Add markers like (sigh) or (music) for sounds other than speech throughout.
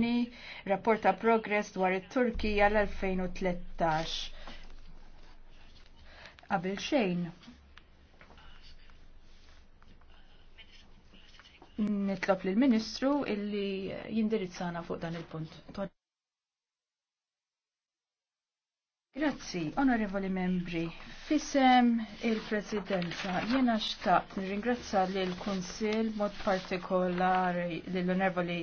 Ni rapporta progress dwar it-Turkija l-2013. Qabel xejn. Nitlob lill-Ministru illi jindirizzana fuq dan il-punt. Grazzi, onorevoli membri. Fisem il-Presidenza, jena xtaqt nirringrazza l-Konsil mod partikolari l-onorevoli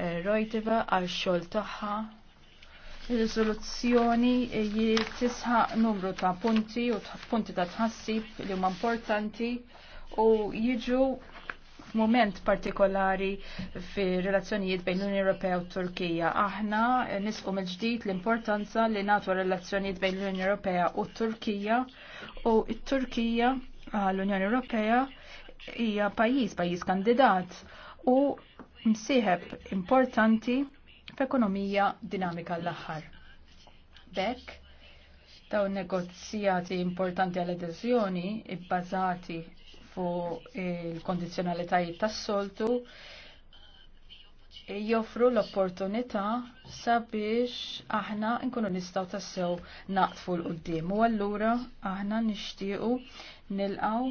eh, Rojtiva għal xol taħħa. Il-rizoluzzjoni jittisħa numru ta' punti u punti ta' tħassib li huma importanti u jiġu f'mument partikolari fi relazzjonijiet bejn l-Unjoni Ewropea u Turkija. Aħna nisfu mill-ġdid l-importanza li nagħtu relazzjonijiet bejn l-Unjoni Ewropea u Turkija u t-Turkija ah, l-Unjoni Ewropea hija pajjiż pajjiż kandidat u msieħeb importanti f'ekonomija dinamika l-aħħar. Bekk, daw negozjati importanti għal adeżjoni ibbażati fuq il-kondizjonalitajiet tas-soltu joffru l-opportunità sabiex aħna nkunu nistgħu tassew naqtfu l-qudiem. U allura aħna nixtiequ nilqaw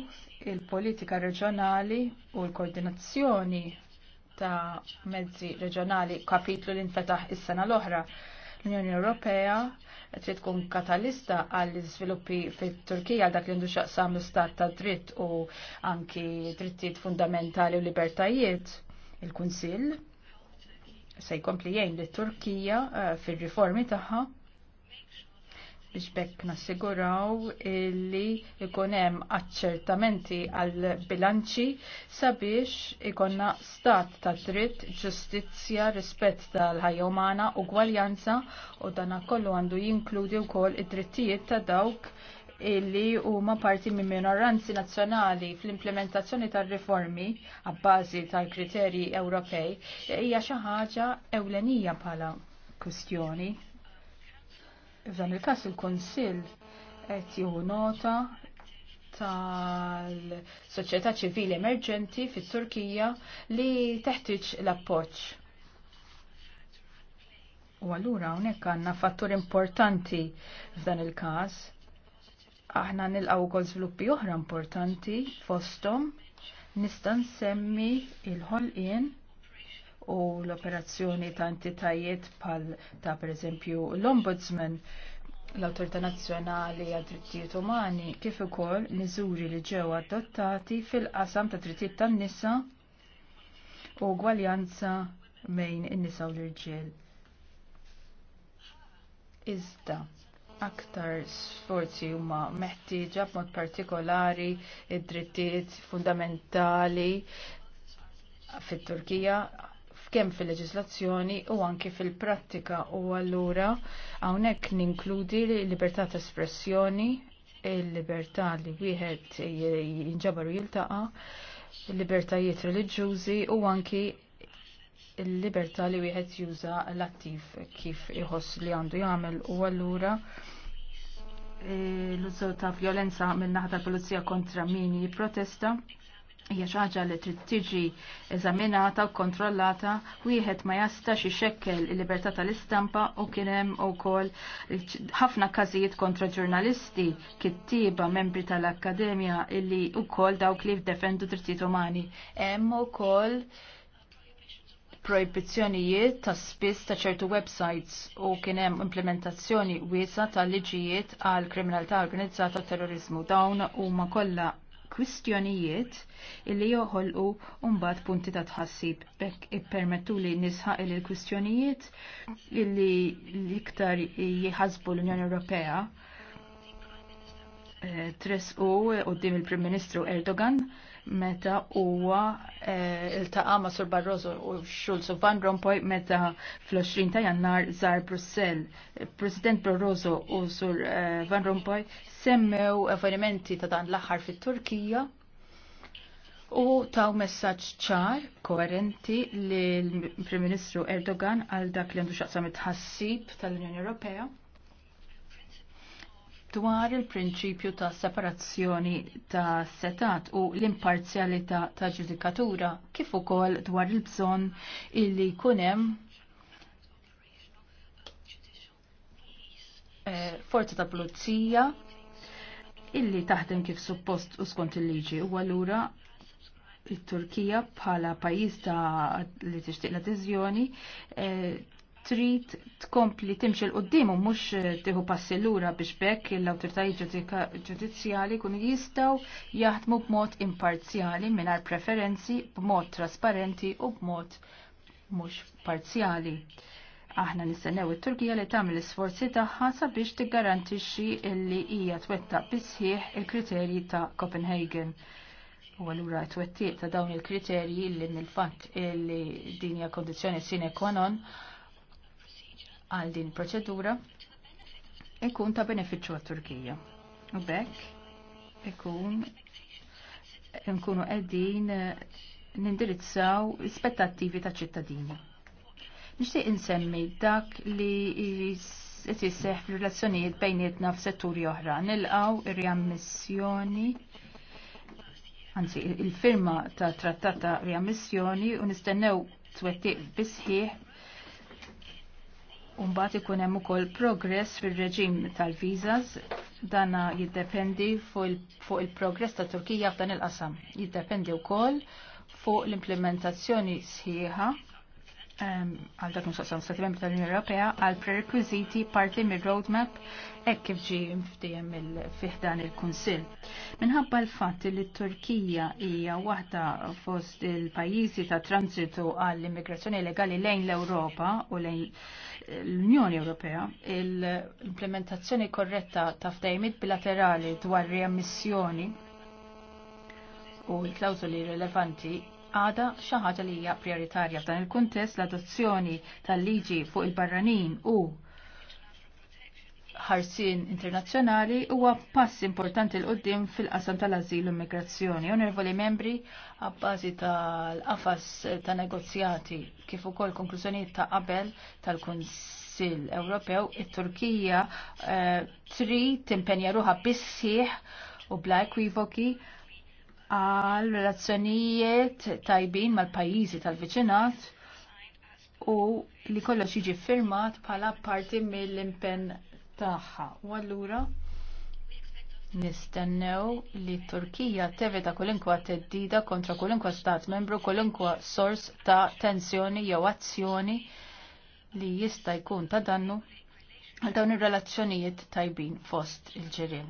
il-politika reġjonali u l-koordinazzjoni ta' mezzi reġjonali kapitlu li nfetaħ is-sena l-oħra. L-Unjoni Ewropea trid tkun katalista għall iżviluppi fit-Turkija għal dak li ndux xaqsam l-istat ta' dritt u anki drittijiet fundamentali u libertajiet il-Kunsill se jkompli jgħin li Turkija eh, fir-riformi tagħha biex bekk nassiguraw li ikonem aċċertamenti għal bilanċi sabiex ikonna stat ta' dritt, ġustizzja, rispett tal-ħajja umana, ugwaljanza u dana kollu għandu jinkludi wkoll id-drittijiet ta' dawk illi huma parti minn minoranzi nazzjonali fl-implementazzjoni tar-riformi għabbażi tal-kriterji Ewropej hija xi ħaġa ewlenija bħala kwistjoni F'dan il-każ il-Kunsill qed jieħu nota tal-soċjetà ċivili emerġenti fit-Turkija li teħtieġ l-appoġġ. U allura hawnhekk għandna fattur importanti f'dan il-każ. Aħna nilqgħu wkoll żviluppi oħra importanti fosthom nista' nsemmi il-ħolqien u l-operazzjoni ta' entitajiet pal ta' per eżempju l-Ombudsman l-Autorità Nazzjonali għad Drittijiet Umani kif ukoll miżuri li ġew adottati fil-qasam ta' drittijiet tan-nisa u gwaljanza bejn in-nisa u l-irġiel. Iżda, aktar sforzi huma meħtieġa b'mod partikolari id-drittijiet fundamentali fit-Turkija kemm fil-leġislazzjoni u anki fil-prattika u allura hawnhekk ninkludi l-libertà ta' espressjoni, il-libertà li wieħed jinġabaru jiltaqa', jiltaqa, libertajiet reliġjużi u anki il-libertà li wieħed juża l-attiv kif iħoss li għandu jagħmel u allura eh, l-użu ta' violenza minn naħa tal-pulizija kontra min jipprotesta hija ħaġa li trid tiġi eżaminata u kontrollata wieħed ma jastax ixekkel il-libertà tal-istampa u kien hemm ukoll ħafna każijiet kontra ġurnalisti, kittiba membri tal-akkademja illi wkoll dawk li jdefendu drittijiet umani. Hemm ukoll proibizzjonijiet ta' spiss ta' ċertu websites u kien hemm implementazzjoni wiesa tal liġijiet għal kriminalità organizzata u terrorizmu. Dawn huma kollha kwistjonijiet illi joħolqu mbagħad punti ta' tħassib. Bekk ippermettu li nisħaq il kwistjonijiet illi l-iktar jħasbu l-Unjoni Ewropea eh, tresqu qudiem il-Prim Ministru Erdogan meta huwa eh, iltaqa' ma' Sur Barroso u Schulz u Van Rompuy meta fl-20 ta' Jannar żar Brussell. President Barroso u Sur eh, Van Rompuy semmew avvenimenti ta' dan l-aħħar fit-Turkija u taw messaġġ ċar, koerenti lill prim Ministru Erdogan għal dak li għandu xaqsam it-ħassib tal-Unjoni Ewropea dwar il-prinċipju ta' separazzjoni ta' setat u l-imparzjalità ta' ġudikatura kif ukoll dwar il-bżonn illi jkun hemm eh, forza ta' pulizija illi taħdem kif suppost u skont il-liġi u allura it-Turkija bħala pajjiż ta' li tixtieq l-adeżjoni eh, trid tkompli timxi l qoddim u mhux eh, tieħu passi lura biex bekk l-awtoritajiet ġudizzjali kun jistgħu jaħdmu b'mod imparzjali mingħajr preferenzi b'mod trasparenti u b'mod mhux parzjali. Aħna nistennew it-Turkija li tagħmel l-isforzi tagħha sabiex tiggarantixxi li hija twettaq bisħieħ il-kriterji ta' Copenhagen. U għallura t-wettiq ta' dawn il-kriterji li nil-fat li dinja kondizjoni sine qua għal din proċedura ikun ta' beneficju għat turkija U bekk ikun nkunu qegħdin nindirizzaw l-ispettattivi ta' ċittadini. Nixtieq insemmi dak li qed jisseħ fir-relazzjonijiet bejnietna f'setturi oħra. Nilqgħu ir-riammissjoni anzi il-firma ta' trattata ta' riammissjoni u nistennew twettiq bisħieħ Umbat ikun hemm ukoll progress fir-reġim tal-viżas dana jiddependi fuq il-progress ta' Turkija f'dan il-qasam. Jiddependi wkoll fuq l-implementazzjoni sħiħa għal dak nusaqsam stati membri tal-Unjoni Ewropea għal prerequisiti parti mir roadmap hekk kif ġi il fiħdan il-Kunsill. Minħabba l-fatt li t-Turkija hija waħda fost il-pajjiżi ta' transitu għall immigrazzjoni legali lejn l-Ewropa u lejn l-Unjoni Ewropea l-implementazzjoni korretta ta' fdejmit bilaterali dwar riammissjoni u l klawzuli rilevanti għada xaħġa li hija prioritarja f'dan il-kuntest l-adozzjoni tal-liġi fuq il-barranin u ħarsien internazzjonali huwa pass importanti l qoddim fil-qasam tal-azil u migrazzjoni. Onorevoli membri, għabbażi tal-qafas ta' negozjati kif ukoll konklużjonijiet ta' qabel tal-Kunsill Ewropew, it-Turkija eh, tri timpenja ruħa bissieħ u bla ekwivoki għal relazzjonijiet tajbin mal-pajjiżi tal-viċinat u li kollox jiġi firmat bħala parti mill-impenn tagħha. U allura Nistennew li Turkija tevita kolinkwa teddida kontra kolinkwa stat membru, kolinkwa sors ta' tensjoni jew azzjoni li jista' jkun ta' dannu għal dawn ir-relazzjonijiet tajbin fost il-ġirien.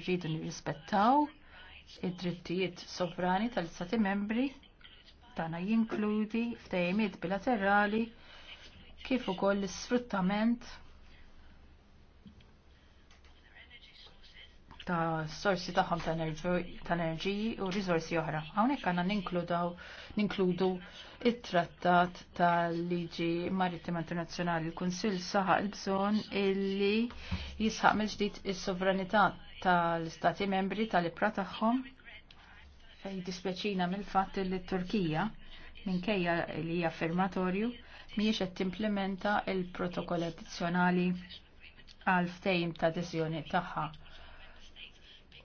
Iridu nirrispettaw id-drittijiet sovrani tal-istati membri tagħna jinkludi ftehimiet bilaterali kif ukoll l-sfruttament ta' sorsi tagħhom ta' enerġiji u rizorsi oħra. Hawnhekk għanna ninkludaw ninkludu il trattat tal-liġi marittima internazzjonali. Il-Kunsill saħaq il-bżonn illi jisħaq mill-ġdid is-sovranità tal-Stati membri tal-ibra tagħhom jdispjaċina mill-fatt li t-Turkija minkejja li hija affermatorju mhijiex qed timplementa l protokoll addizzjonali għal ftehim ta' deżjoni tagħha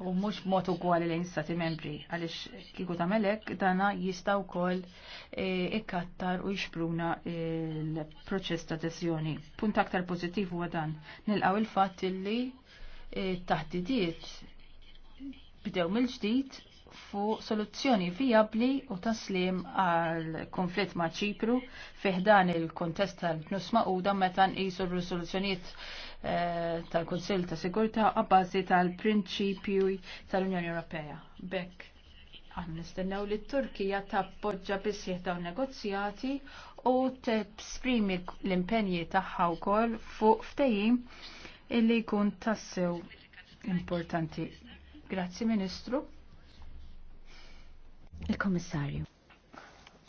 u mux motu ukoll lejn stati membri għaliex kieku tagħmelek dana jista' wkoll e, ikkattar u jixpruna l-proċess ta' tessjoni. Punt aktar pożittiv huwa dan. Nilqgħu il-fatt illi e, taħtidiet bdew mill-ġdid fu soluzzjoni vijabli u taslim għal konflitt ma' ċipru fiħdan il-kontest tal-knus u meta nqisu r-risoluzzjonijiet Eh, tal kunsil ta' Sigurtà għabbażi tal-prinċipju tal-Unjoni Ewropea. Bekk aħna nistennew li t-Turkija tappoġġa bisjeħ dawn negozjati u sprimi l-impenji tagħha wkoll fuq ftehim illi jkun tassew importanti. Grazzi Ministru. Il-Kommissarju.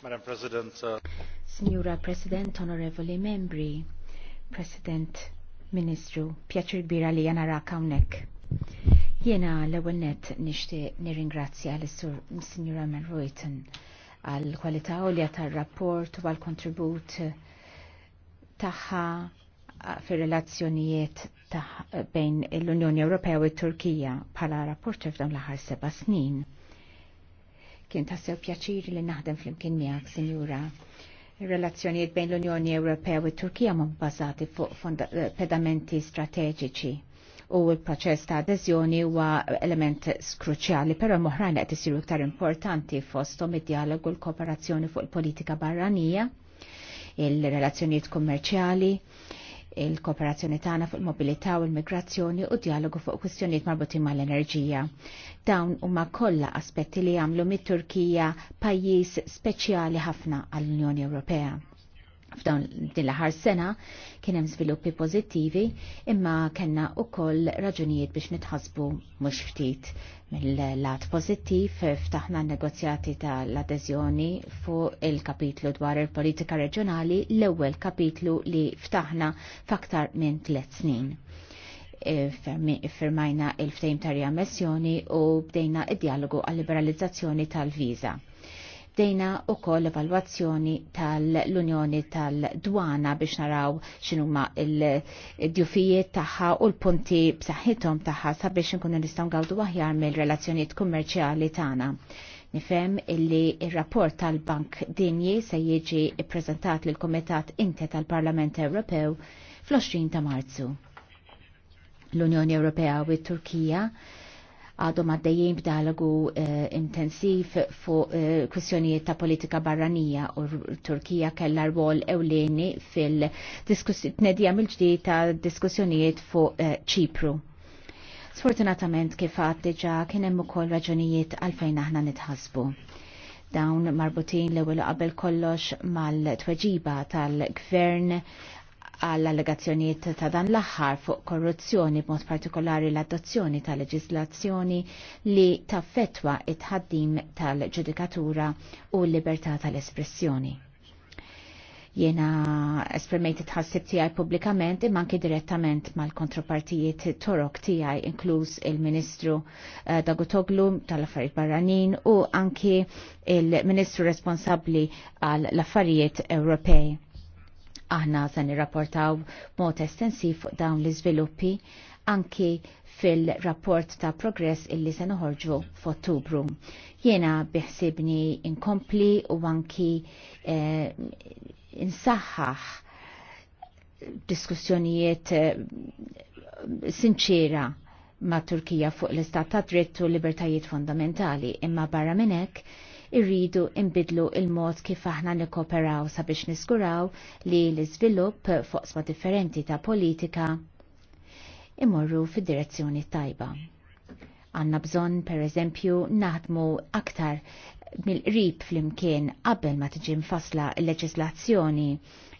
Madam President. Uh... Signora President, Onorevoli Membri, President Ministru, pjaċir kbira li jana ra hawnhekk. Jiena l-ewwel nett nixtieq nirringrazzja l-Sur Sinjura Manroyton għal kwalità u li rapport u għal kontribut taħħa fir relazzjonijiet bejn l-Unjoni Ewropea u t-Turkija bħala rapport f'dawn l-aħħar seba' snin. Kien tassew pjaċir li naħdem fl-imkien miegħek, Sinjura. Ir-relazzjonijiet bejn l-Unjoni Ewropea u Turkija ma bbażati fuq eh, pedamenti strateġiċi u l-proċess ta' adeżjoni huwa element skruċjali, però moħrajn qed isiru iktar importanti fosthom id-dialogu l-kooperazzjoni fuq il-politika barranija, il-relazzjonijiet kummerċjali, il-kooperazzjoni tagħna fuq il-mobilità u l-migrazzjoni u dialogu fuq kwistjonijiet marbutin mal-enerġija. Dawn huma kollha aspetti li jagħmlu mit-Turkija pajjiż speċjali ħafna għall-Unjoni Ewropea. F'dawn din l-aħħar sena kien hemm żviluppi pożittivi imma kellna wkoll raġunijiet biex nitħasbu mhux ftit. Mill-lat pożittiv ftaħna negozjati tal-adeżjoni fuq il-kapitlu dwar il-politika reġjonali l-ewwel kapitlu li ftaħna f'aktar minn tliet snin. E, firmajna il-ftejm ta' riammessjoni u bdejna id-dialogu għal-liberalizzazzjoni tal-viża bdejna u koll evalwazzjoni tal-Unjoni tal-Dwana biex naraw xinuma il-djufijiet taħħa u l-punti b'saħħithom taħħa sabiex nkunu nistgħu ngawdu aħjar mill-relazzjonijiet kummerċjali tagħna. Nifem illi il-rapport tal-Bank Dinji se jieġi prezentat lil komitat Inte tal-Parlament Ewropew fl-20 ta' Marzu. L-Unjoni Ewropea u t-Turkija għadhom għaddejjien b'dialogu eh, intensiv fuq eh, kwistjonijiet ta' politika barranija u Turkija kellha rwol ewleni fil-tnedija mill-ġdid ta' diskussjonijiet fuq eh, Ċipru. Sfortunatament kif għad diġa kien hemm ukoll raġunijiet għalfejn aħna nitħasbu dawn marbutin l ewwel qabel kollox mal-tweġiba tal-gvern għall allegazzjonijiet ta' dan l-aħħar fuq korruzzjoni b'mod partikolari l-adozzjoni ta' leġislazzjoni li taffetwa it-ħaddim tal-ġudikatura u l-libertà tal-espressjoni. Jena esprimejt it-ħassib tijaj publikament imma anki direttament mal-kontropartijiet torok tijaj inkluż il-Ministru eh, Dagutoglu tal-Affarijiet Barranin u anki il-Ministru responsabli għal l-Affarijiet Ewropej Aħna se nirrapportaw mod estensiv fuq dawn l-iżviluppi anki fil-rapport ta' progress illi se noħorġu f'Ottubru. Jiena biħsibni inkompli u anki eh, insaħħaħ diskussjonijiet eh, sinċera ma' Turkija fuq l-istat ta' dritt u libertajiet fondamentali imma barra minnek irridu imbidlu il-mod kif aħna nikoperaw sabiex niskuraw li l-iżvilupp foqsma differenti ta' politika imorru fid-direzzjoni tajba. Għanna bżon, per eżempju, naħdmu aktar mill-qrib fl-imkien qabel ma tiġi mfasla l-leġislazzjoni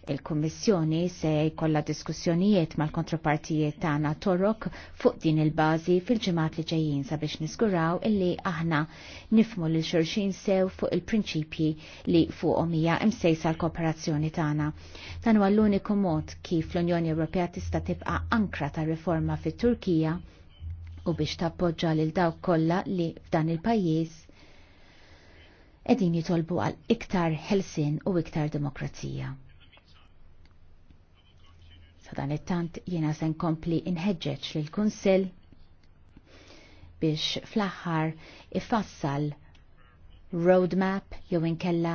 Il-Kummissjoni se jkollha diskussjonijiet mal-kontropartijiet tagħna torok fuq din il-bażi fil-ġimgħat li ġejjin sabiex niskuraw illi aħna nifmu lil xurxin sew fuq il-prinċipji li fuqhom hija imsejsa l-kooperazzjoni tagħna. Dan huwa l-uniku mod kif l-Unjoni Ewropea tista' tibqa' ankra ta' riforma fit-Turkija u biex tappoġġa lil dawk kollha li f'dan il-pajjiż edin jitolbu għal iktar ħelsin u iktar demokrazija. Dan it-tant jiena se nkompli nħeġġeġ lil kunsill biex fl-aħħar ifassal roadmap jew inkella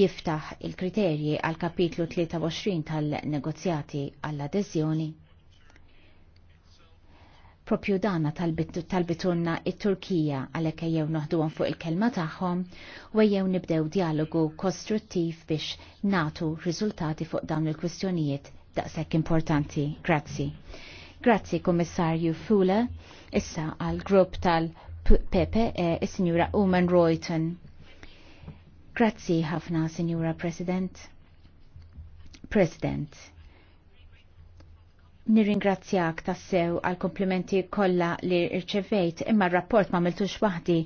jiftaħ il-kriterji għal kapitlu 23 tal-negozjati għall-adeżjoni propju dana tal-bitunna it-Turkija għalek jew noħduhom fuq il-kelma tagħhom u jew nibdew dialogu kostruttiv biex natu riżultati fuq dawn il-kwistjonijiet daqshekk importanti. Grazzi. Grazzi Kommissarju Fula, issa għal grupp tal-Pepe e Signora Uman Royton. Grazzi ħafna, Signora President. President. Nirringrazzjak tassew għal komplimenti kollha li rċevejt imma r-rapport ma miltux waħdi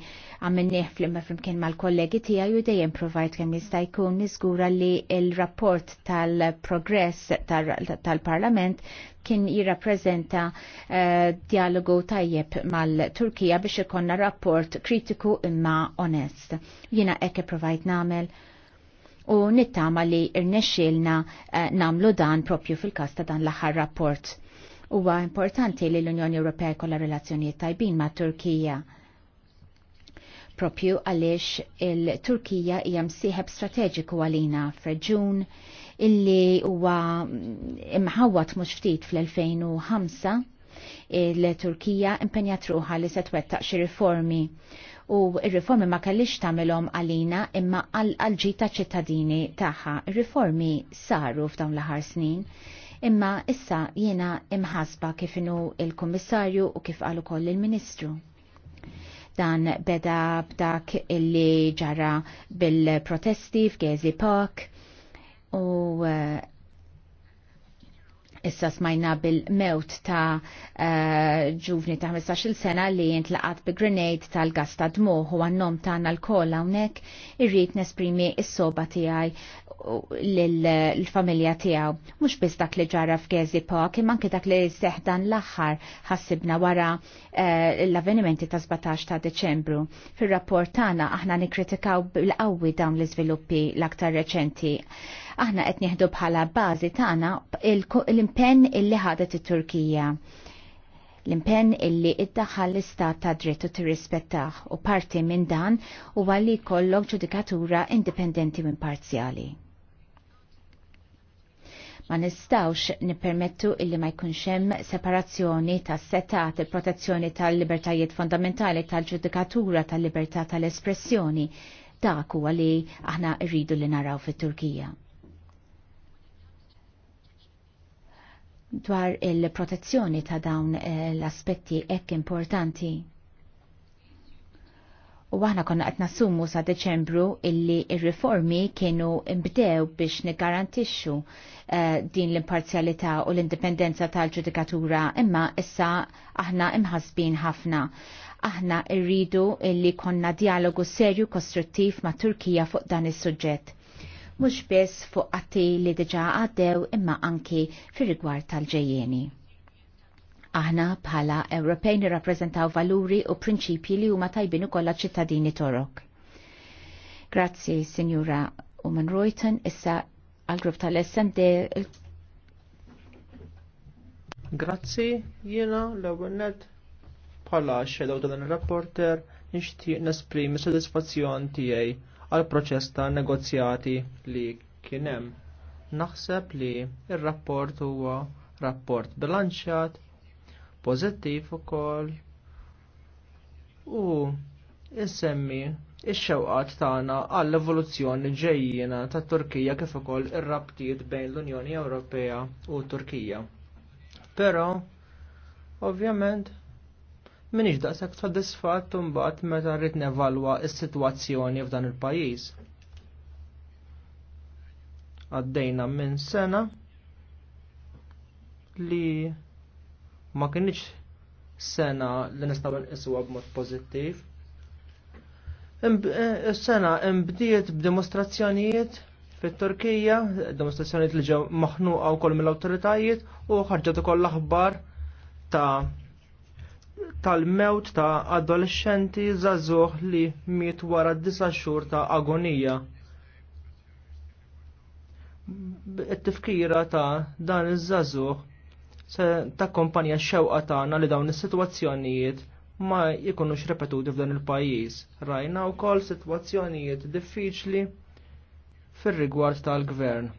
għamminnieh flimma flimkien mal-kollegi tija ju dejjem provajt kemm jista' jkun niżgura li il rapport tal-progress tal-Parlament kien jirrappreżenta eh, dialogu tajjeb mal-Turkija biex ikonna rapport kritiku imma onest. Jiena hekk provajt nagħmel u nittama li irnexxilna eh, namlu dan propju fil kasta ta' dan l-aħħar rapport. Huwa importanti li l-Unjoni Ewropea jkollha relazzjonijiet tajbin ma' Turkija propju għaliex il-Turkija hija msieħeb strateġiku għalina f'reġun illi huwa imħawat mhux ftit fl-2005 il-Turkija impenjat ruħa li se twettaq xi riformi u il-riformi ma kellix tagħmelhom għalina imma għal-ġi ta' ċittadini tagħha. Il-riformi saru f'dawn l ħar snin imma issa jiena imħasba kif inhu il-Kummissarju u kif qal ukoll il-Ministru dan beda b'dak illi ġara bil-protesti f'Gezi Park u Issa smajna bil-mewt ta' eh, ġuvni ta' 15 sena li jintlaqat bi grenade tal-gas ta' dmuħ u għannom ta' għanna l-kolla unnek irrit nesprimi is-soba tijaj l-familja tiegħu. Mhux biss dak li ġara f'Gezi Park, imma anke dak li seħdan l-aħħar ħassibna wara eh, l-avvenimenti ta' 17 ta' Deċembru. Fir-rapport tagħna aħna nikkritikaw bil-qawwi dawn l-iżviluppi l-aktar reċenti. Aħna qed nieħdu bħala bażi tagħna l-impenn illi ħadet it-Turkija l-impenn illi iddaħħal l-istat ta' dritt u tirrispettaħ u parti minn dan huwa li jkollok ġudikatura indipendenti minn parzjali. Ma nistawx nippermettu illi ma jkunx hemm separazzjoni ta' setat il-protezzjoni tal-libertajiet fondamentali tal-ġudikatura tal-libertà tal-espressjoni dak huwa li aħna rridu li naraw fit-Turkija. Dwar il-protezzjoni ta' dawn eh, l-aspetti ek importanti U aħna konna qed nassumu sa Deċembru illi il riformi kienu imbdew biex niggarantixxu uh, din l-imparzjalità u l-indipendenza tal-ġudikatura, imma issa aħna imħasbin ħafna. Aħna rridu illi konna dialogu serju kostruttiv ma' Turkija fuq dan is-suġġett. Mhux biss fuq atti li diġa' għaddew imma anki fir-rigward tal-ġejjeni. Aħna bħala Ewropej nirrappreżentaw valuri u prinċipji li huma tajbin ukoll ċittadini Torok. Grazzi, Sinjura Uman Reuten, issa għal-grupp tal-SMD Grazzi, jiena l net, bħala xedew dan ir-rapporter nixtieq nesprimi sodisfazzjon tiegħi għal proċess ta' negozjati li kien hemm. Naħseb li r rapport huwa rapport bilanċjat pożittiv ukoll u insemmi il xewqat tagħna għall-evoluzzjoni ġejjina tat Turkija kif ukoll ir-rabtiet bejn l-Unjoni Ewropea u Turkija. Però, ovvjament, minix daqshekk sodisfatt imbagħad meta rrid nevalwa s-sitwazzjoni f'dan il-pajjiż. Għaddejna minn sena li ma kienx sena li nistgħu nqisuha b'mod pożittiv. Is-sena e, imbdiet b'dimostrazzjonijiet fit-Turkija, id-dimostrazzjonijiet li ġew maħnuqa wkoll mill-awtoritajiet u ħarġet ukoll l-aħbar ta' tal-mewt ta' adolescenti zazuħ li miet wara disa xhur ta' agonija. it tifkira ta' dan iż żażuh se ta' x-xewqa tagħna li dawn is-sitwazzjonijiet ma jikunux repetuti f'dan il-pajjiż. Rajna wkoll sitwazzjonijiet diffiċli fir-rigward tal-gvern.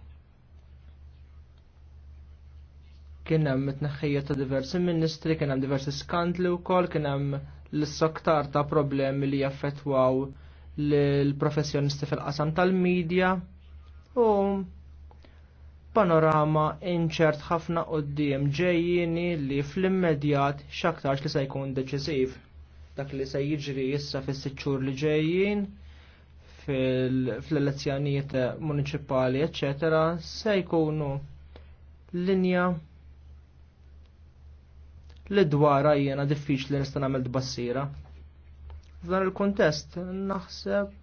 Kien hemm it-tneħħija ta' diversi ministri, kien hemm diversi skandli wkoll, kien hemm l-soktar ta' problemi li jaffettwaw l-professjonisti fil-qasam tal-medja u panorama inċert ħafna qoddim ġejjini li fl-immedjat xaktarx li se jkun deċisiv. Dak li se jiġri issa fis sitxur li ġejjin fl-elezzjonijiet municipali, eccetera, se jkunu linja li dwara jiena diffiċli nista' nagħmel tbassira. F'dan il-kuntest naħseb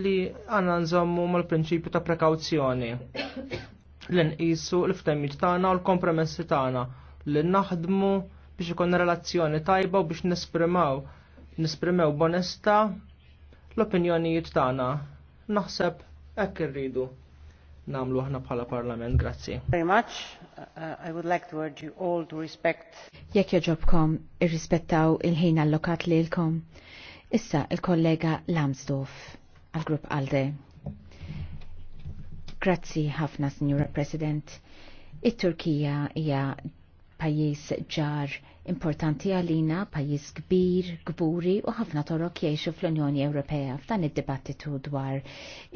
li għanna nżommu mal-prinċipju ta' prekawzjoni. L-inqisu l-ftemmit tagħna u l-kompromessi tagħna li naħdmu biex ikun relazzjoni tajba u biex nisprimaw nisprimew bonesta l-opinjonijiet tagħna. Naħseb hekk irridu namlu aħna bħala parlament, grazzi. Very much. Uh, I would like to urge you all to respect. Jekk joġobkom irrispettaw il-ħin allokat lilkom. Issa il-kollega Lamsdorf għal-grupp ALDE. Grazzi ħafna, Signora President. It-Turkija hija pajjiż ġar importanti għalina pajis kbir, kburi u ħafna torok jiexu fl-Unjoni Ewropea f'dan id-dibattitu dwar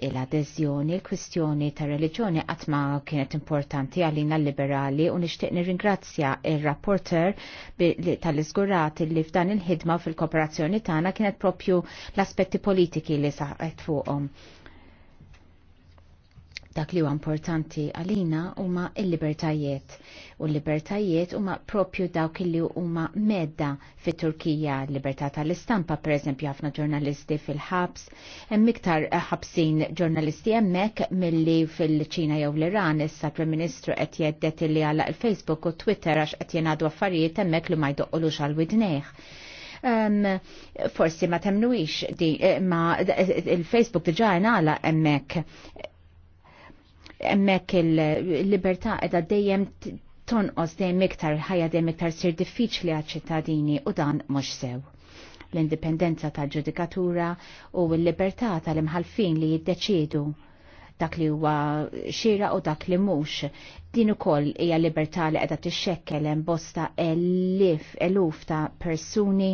l-adeżjoni, l-kwistjoni ta' reliġjoni għatma kienet importanti għalina liberali u nixtieq nirringrazzja il-rapporter tal-izgurat li f'dan il-ħidma fil-kooperazzjoni tagħna kienet propju l-aspetti politiki li saħet fuqhom. -um Dak li huwa importanti għalina huma l-libertajiet u l-libertajiet huma propju dawk li huma medda fit-Turkija, l-libertà tal-istampa pereżempju ħafna ġurnalisti fil-ħabs, hemm iktar ħabsin ġurnalisti hemmhekk milli fil-Ċina jew l-Iran issa Prim-Ministru qed jeddet li għal il-Facebook u Twitter għax qed jingħadu affarijiet hemmhekk li ma jdoqqolux għal widnejh um, forsi ma temnuix di eh, ma eh, il-Facebook diġa jnala emmek emmek il-libertà edha dejjem tonqos dejjem iktar ħajja dejjem iktar sir diffiċli għal-ċittadini u dan mhux sew l-indipendenza tal-ġudikatura u l-libertà tal-imħalfin li jiddeċiedu dak li huwa xira u dak li mhux. Din ukoll hija libertà li qiegħda tixxekkel hemm bosta elif eluf ta' persuni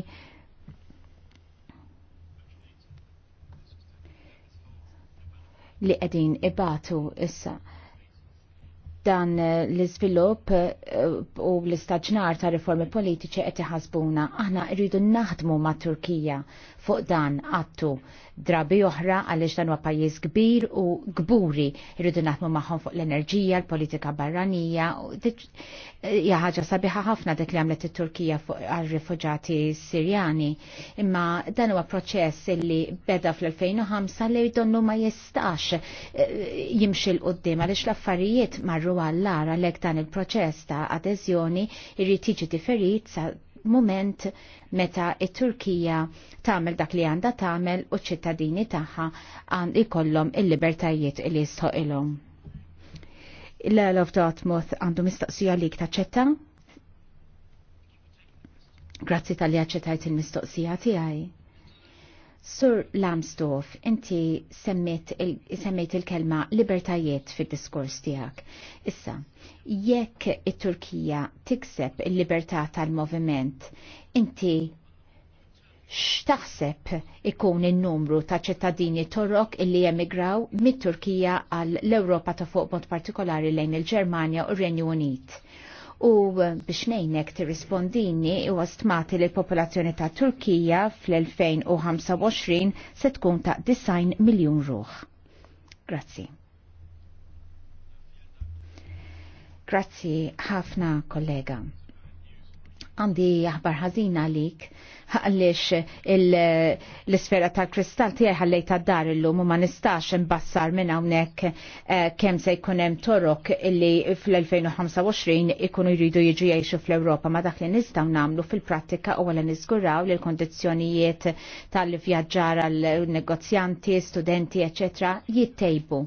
li qegħdin ibatu issa dan l iżvilupp eh, u l-istaġnar ta' riformi politiċi qed iħasbuna. Aħna rridu naħdmu ma' Turkija fuq dan għattu drabi oħra għaliex dan huwa pajjiż kbir u kburi irridu naħmu magħhom fuq l-enerġija, l-politika barranija. Hija ħaġa sabiħa ħafna dik li għamlet it-Turkija fuq għal rifuġati Sirjani, imma dan huwa proċess li beda fl-2005 li donnu ma jistax eh, jimxi l qoddim għaliex l-affarijiet marru għall-ara lek dan il-proċess ta' adeżjoni irrid jiġi differit sa' moment meta it-Turkija tagħmel dak li għandha tagħmel u ċ-ċittadini tagħha għan ikollom il-libertajiet li jistħoqilhom. Il-Earl of għandu mistoqsija li taċċetta? Grazzi tal-li il-mistoqsija tiegħi. Sur Lamsdorf, inti semmit il-kelma il libertajiet fil-diskors tijak. Issa, jekk it-Turkija tikseb il-libertà tal-moviment, inti x'taħseb ikun in-numru ta' ċittadini Torok illi emigraw mit-Turkija għall ewropa ta' fuq mod partikolari lejn il-Ġermanja u r-Renju Unit. U biex nejnek tirrispondini u għastmati li l-popolazzjoni ta' Turkija fl-2025 se tkun ta' 90 miljon ruħ. Grazzi. Grazzi ħafna kollega għandi aħbar ħażina għalik għaliex l-isfera tal-kristall tiegħi ħallejt ta' dar illum u ma nistax imbassar minn hawnhekk eh, kemm se jkun hemm torok illi fl-2025 ikunu jridu jiġu jgħixu fl-Ewropa ma dak li nistgħu nagħmlu fil-prattika u għala niżguraw li l-kondizzjonijiet tal-vjaġġar għal negozjanti, studenti, eccetera, jittejbu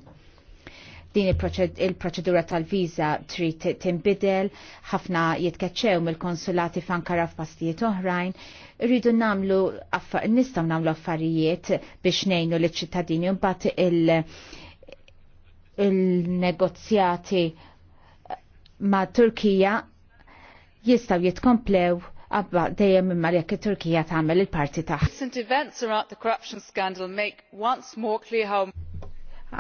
Din il-proċedura tal-viza trid tinbidel, ħafna jitkeċċew mill-konsulati f'Ankara f'pastijiet oħrajn, rridu namlu nistgħu namlu affarijiet biex ngħinu liċ-ċittadini mbagħad il-negozjati ma' Turkija jistaw jitkomplew abba dejjem imma li jekk Turkija tagħmel il-parti taħ. Recent events around the corruption scandal make once more clear how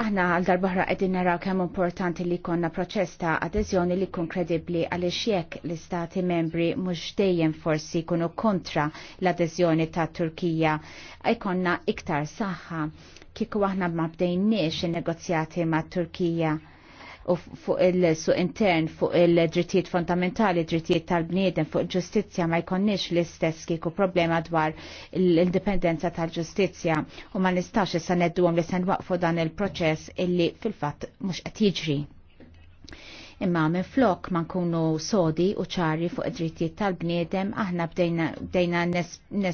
Aħna għal darbaħra qegħdin naraw kemm importanti li konna proċess ta' adeżjoni li jkun kredibbli għaliex jekk l-istati membri mhux dejjem forsi jkunu kontra l-adeżjoni ta' Turkija jkollna iktar saħħa kieku aħna ma bdejniex in-negozjati ma' Turkija u fuq il-suq intern, fuq il-drittijiet fondamentali, drittijiet tal-bniedem, fuq il-ġustizja ma jkonniex l-istess kieku problema dwar l-indipendenza tal-ġustizja u ma nistax issa neddu li sen waqfu dan il-proċess illi fil-fat mux qed jiġri. Imma minn flok ma nkunu sodi u ċari fuq id-drittijiet tal-bniedem aħna bdejna eh,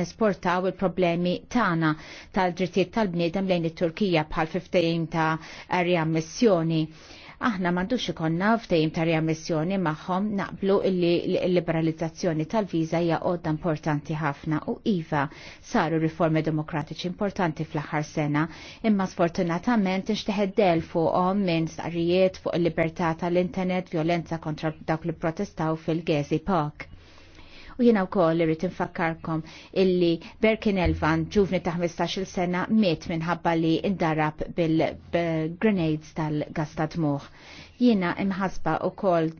nesportaw il-problemi tagħna tal-drittijiet tal-bniedem lejn it-Turkija bħal 15 ta' arja missjoni Aħna mandux ikonna ftejim ta' riammissjoni magħhom naqblu illi l-liberalizzazzjoni tal-viża hija għodda importanti ħafna u iva saru riformi demokratiċi importanti fl-aħħar sena, imma sfortunatament ixteħeddel fuqhom minn starijiet fuq il-libertà tal-internet, violenza kontra dawk li protestaw fil-Gezi Park U jiena wkoll irrid infakkarkom illi Berkin Elvan, ġuvni ta' 15-il sena, miet minħabba li indarab bil-grenades tal gastad ta' dmuħ. imħasba u wkoll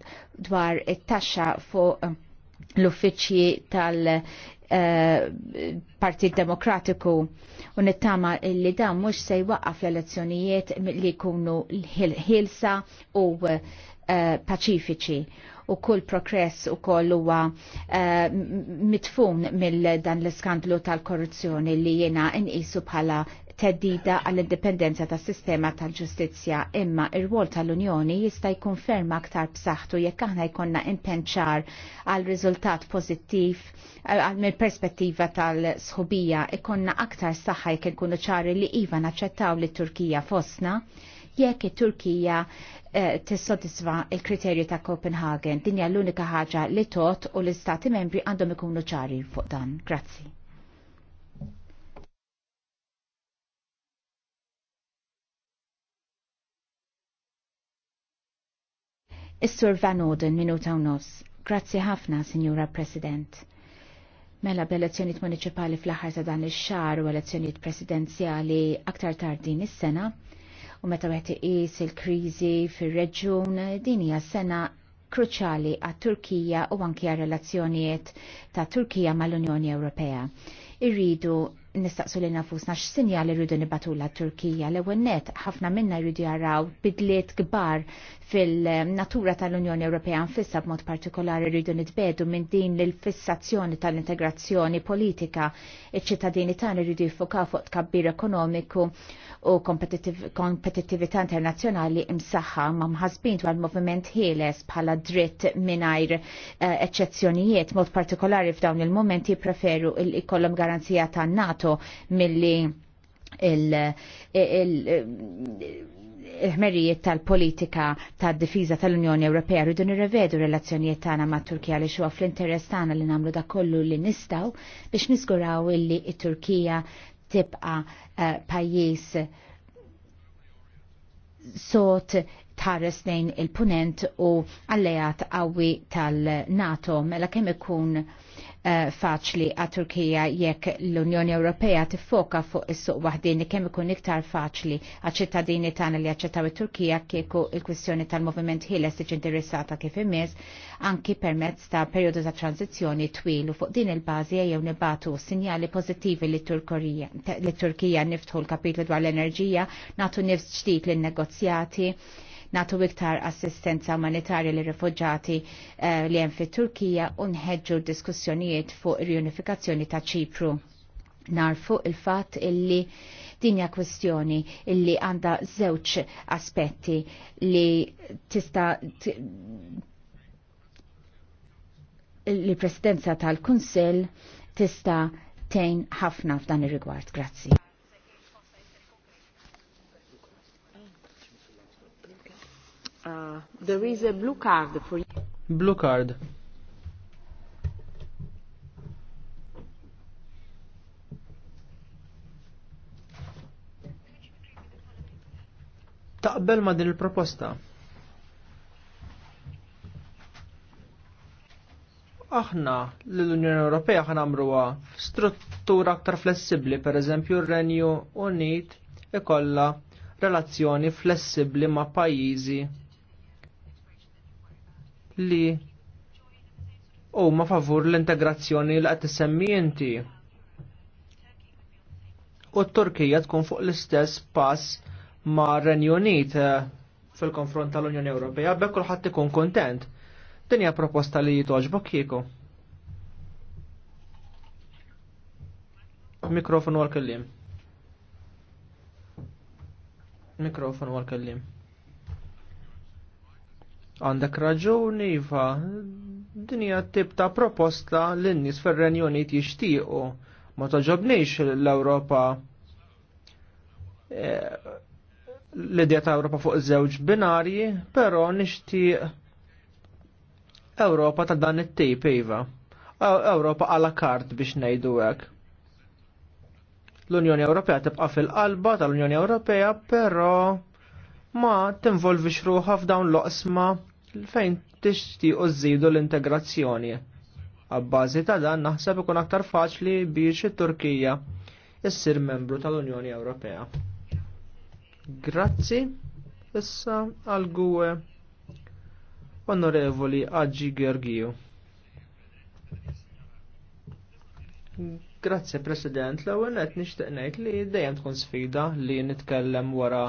dwar it-taxxa fuq eh, l-uffiċji tal- eh, Partit Demokratiku u nittama li dan mhux se jwaqqaf l-elezzjonijiet li jkunu ħilsa u eh, paċifiċi u kull progress u koll huwa uh, mitfun mill-dan l-skandlu tal-korruzzjoni li jena inqisu bħala teddida għall-indipendenza tas sistema tal-ġustizzja imma ir wol tal-Unjoni jista' jkun ferm aktar b'saħħtu jekk aħna jkollna impenċar għal riżultat pożittiv eh, għal mill-perspettiva tal-sħubija ikonna aktar saħħa jekk nkunu ċari li iva naċċettaw li Turkija fosna jekk it-Turkija eh, tissodisfa il-kriterju ta' Copenhagen. Din hija l-unika ħaġa li tot u l-istati membri għandhom ikunu ċari fuq dan. Grazzi. Is-Sur Van Oden minuta u nofs. Grazzi ħafna, Sinjura President. Mela b'elezzjonijiet municipali fl-aħħar ta' dan ix-xahar u elezzjonijiet presidenzjali aktar tard din is-sena, u meta qed iqis il-kriżi fir-reġjun din hija sena kruċali għat Turkija u anki għal relazzjonijiet ta' Turkija mal-Unjoni Ewropea. Irridu nistaqsu li nafusna x li rridu nibatu la Turkija l għennet ħafna minna jridu jaraw bidliet kbar fil-natura tal-Unjoni Ewropea nfissa b'mod partikolari rridu nitbedu minn din l-fissazzjoni tal-integrazzjoni politika iċ-ċittadini tagħna jridu jifuka fuq tkabbir ekonomiku u kompetittività internazzjonali imsaħħa ma mħazbint għal moviment ħieles bħala dritt mingħajr eh, eċċezzjonijiet mod partikolari f'dawn il-momenti preferu il-ikollhom garanzija tan-NATO NATO milli il-ħmerijiet tal-politika tad-difiża tal-Unjoni Ewropea rridu nirrevedu relazzjonijiet tagħna mat Turkija li xuha fl-interess tagħna li nagħmlu dak kollu li nistgħu biex niżguraw illi t-Turkija tibqa' eh, pajjiż sot tħares lejn il-punent u alleat qawwi tal-NATO mela kemm ikun Eh, faċli għat Turkija jekk l-Unjoni Ewropea tiffoka fuq is-suq li kemm ikun iktar faċli għaċ ċittadini tagħna li jaċċettaw it-Turkija kieku l kwistjoni tal-moviment ħieles tiġi interessata kif imiss anki permezz ta' perjodu ta' tranzizzjoni twil u fuq din il-bażi jew nibatu sinjali pożittivi li t Turkija niftħu l-kapitlu dwar l-enerġija, natu nifs ġdid lin negozjati natu iktar assistenza umanitarja li rifugġati uh, eh, li hemm fit-Turkija u nħeġġu diskussjonijiet fuq ir-riunifikazzjoni ta' Ċipru. Narfu il-fatt illi dinja kwestjoni illi għanda żewġ aspetti li tista' li presidenza tal kunsel tista' tejn ħafna f'dan ir-rigward. Grazzi. Uh, there is a blue card for you. Blue card. Taqbel ma din il-proposta. Aħna l-Unjoni Ewropea ħan għamruha struttura aktar flessibbli, pereżempju r-Renju Unit ikollha relazzjoni flessibbli ma' pajjiżi li u ma favur l-integrazzjoni li qed issemmi inti. U t-Turkija tkun fuq l-istess pass ma' Renju Unit eh, fil-konfront tal-Unjoni Ewropea, bekk kulħadd ikun kontent. Din hija proposta li jitoġbok kieku. Mikrofon għal-kellim. Mikrofon għal-kellim. Għandek raġuni, Iva, dinja tip ta' proposta l-innis fil-Renju Unit jixtiequ. Ma toġobniex l-Ewropa e, l idja ta' Ewropa fuq żewġ binarji, però nixtieq Ewropa ta' dan it-tip iva. E, Ewropa għala kart biex ngħidu hekk. L-Unjoni Ewropea tibqa' fil-qalba tal-Unjoni Ewropea, però ma tinvolvix ruħa f'dawn l-oqsma fejn tixtiequ żżidu l-integrazzjoni. Abbażi ta' dan naħseb ikun aktar faċli biex it-Turkija jessir membru tal-Unjoni Ewropea. Grazzi, issa għal gwe onorevoli Aggi Georgiju. Grazzi President, l-ewwel qed nixtieq ngħid li dejjem tkun sfida li nitkellem wara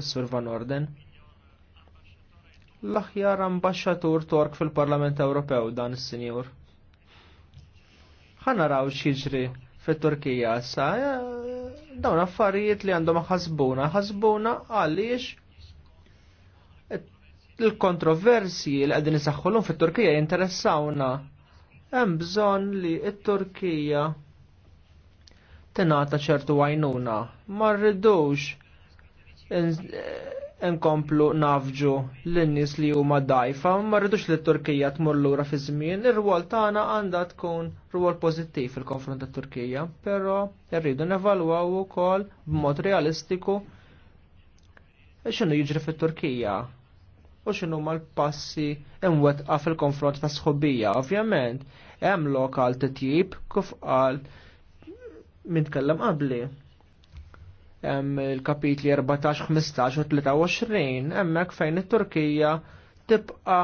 s-Sur Van Orden. L-aħjar ambasċatur Tork fil-Parlament Ewropew dan is-sinjur. Ħa naraw x'jiġri fit-Turkija sa dawn affarijiet li għandhom ħasbuna, ħasbuna għaliex il-kontroversji li qegħdin isaħħulhom fit-Turkija jinteressawna. Hemm bżonn li t-Turkija tingħata ċertu għajnuna. Ma rridux nkomplu nafġu lin-nies li huma dajfa, ma rridux li t-Turkija tmur lura fi żmien, ir-rwol tagħna għandha tkun rwol pożittiv fil-konfront tat-Turkija, però rridu nevalwaw ukoll b'mod realistiku x'inhu jiġri fit-Turkija u x'inhu mal-passi imwettqa fil-konfront ta' sħobija. Ovvjament, hemm lokal titjib kif qal min tkellem qabli. Hemm il-kapitli 14, 15 u 23 hemmhekk fejn it-Turkija tibqa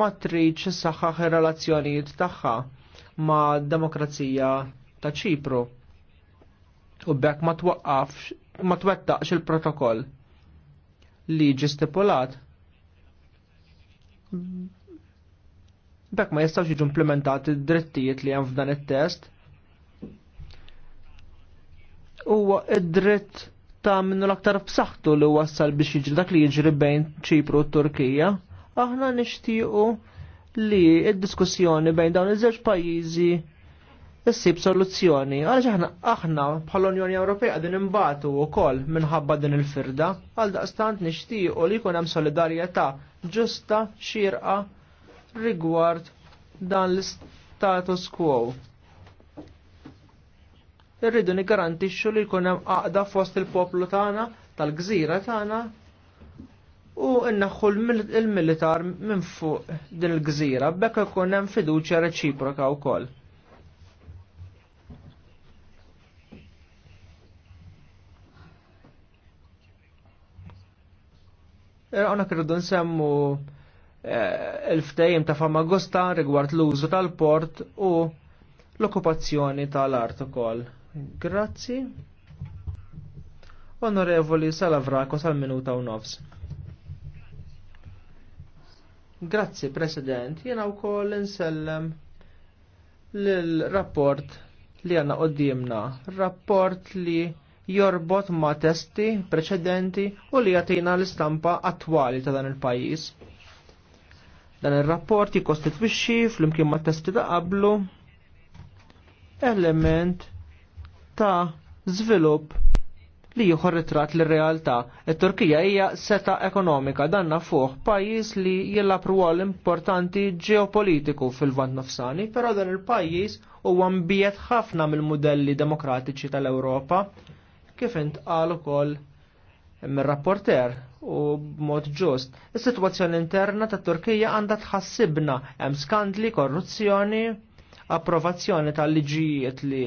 ma triċ saħħaħ ir-relazzjonijiet tagħha ma' demokrazija ta' Ċipru. U bekk ma twaqqafx ma twettaqx il-protokoll li ġi stipulat. Bekk ma jistgħux jiġu implementati d-drittijiet li hemm f'dan it-test huwa id-dritt ta' minnu l-aktar b'saħħtu li wassal biex jiġri dak li jiġri bejn ċipru u Turkija. Aħna nixtiequ li id-diskussjoni bejn dawn iż-żewġ pajjiżi issib soluzzjoni. Għaliex aħna aħna bħal unjoni Ewropea qegħdin imbagħtu wkoll minħabba din il-firda, għal daqstant nixtiequ li jkun hemm solidarjetà ġusta, xierqa rigward dan l-status quo irridu nigarantixxu li jkun hemm għaqda fost il-poplu tagħna tal-gżira tagħna u nneħħu l-militar minn fuq din il-gżira bekk ikun hemm fiduċja reċiproka wkoll. Għana eh, kirridu nsemmu eh, il ftejim ta' Famagosta rigward l-użu tal-port u l-okkupazzjoni tal-art ukoll. Grazzi. Onorevoli Salavraco sal-minuta u nofs. Grazzi, President. Jena u koll nsellem l-rapport li għanna qoddimna. Rapport li jorbot ma' testi preċedenti u li jatina l-istampa attwali ta' dan il-pajis. Dan il-rapport jikostitwixxi fl-imkien ma' testi da qablu element ta' żvilupp li juħor ritrat li realtà It-Turkija hija seta ekonomika danna fuq pajis li jilab rwol importanti ġeopolitiku fil-vant nofsani, però dan il-pajjiż huwa għambijet ħafna mill-modelli demokratiċi tal-Ewropa kif intqal ukoll mir-rapporter u b'mod ġust. Is-sitwazzjoni interna tat Turkija għandha tħassibna hemm skandli, korruzzjoni, approvazzjoni tal-liġijiet li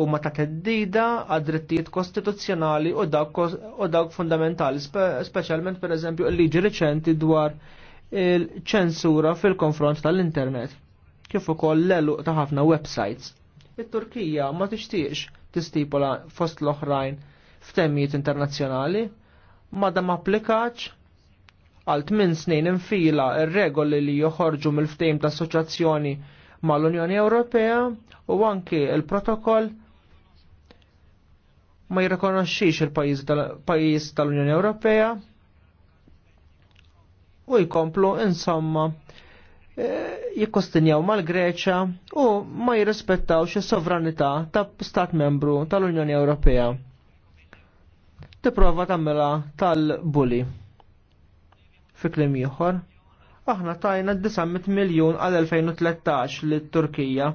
u ma ta' teddida għad drittijiet kostituzzjonali u dawk fundamentali, speċjalment per eżempju il-liġi reċenti dwar il-ċensura fil-konfront tal-internet, kif ukoll l-eluq ta' ħafna websites. It-Turkija ma tixtiex tistipola fost l-oħrajn f'temmijiet internazzjonali, ma ma' applikaċ għal 8 snin infila il regoli li joħorġu mill-ftejm ta' assoċjazzjoni mal-Unjoni Ewropea u anki il-protokoll ma jirrekonoxxix il-pajjiż tal-Unjoni Ewropea u jkomplu insomma e, jikkostinjaw mal greċja u ma jirrispettawx is-sovranità ta' stat membru tal-Unjoni Ewropea. Tipprova tagħmilha tal-bully. Fi kliem ieħor, aħna tajna 900 miljun għal 2013 lit-Turkija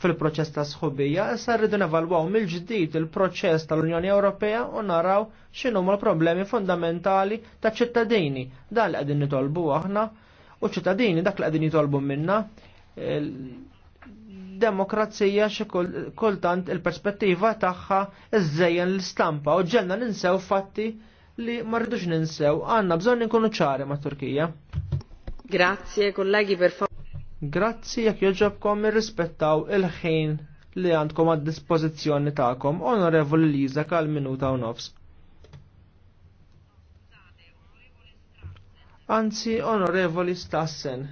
fil-proċess ta' sħubija, issa rridu nevalwaw mill-ġdid il-proċess tal-Unjoni Ewropea u naraw x'inhu l-problemi fundamentali ta' ċittadini. Dan li qegħdin nitolbu aħna u ċittadini dak li qegħdin jitolbu minna demokrazija xi kultant il-perspettiva tagħha iżejjen l-istampa u ġelna ninsew fatti li ma rridux ninsew għandna bżonn inkunu ċari ma' Turkija. Grazie kollegi per favore. Grazzi jekk joġobkom irrispettaw il-ħin li għandkom għad dispożizzjoni tagħkom, Onorevoli Liza għal minuta u nofs. Anzi, Onorevoli Stassen.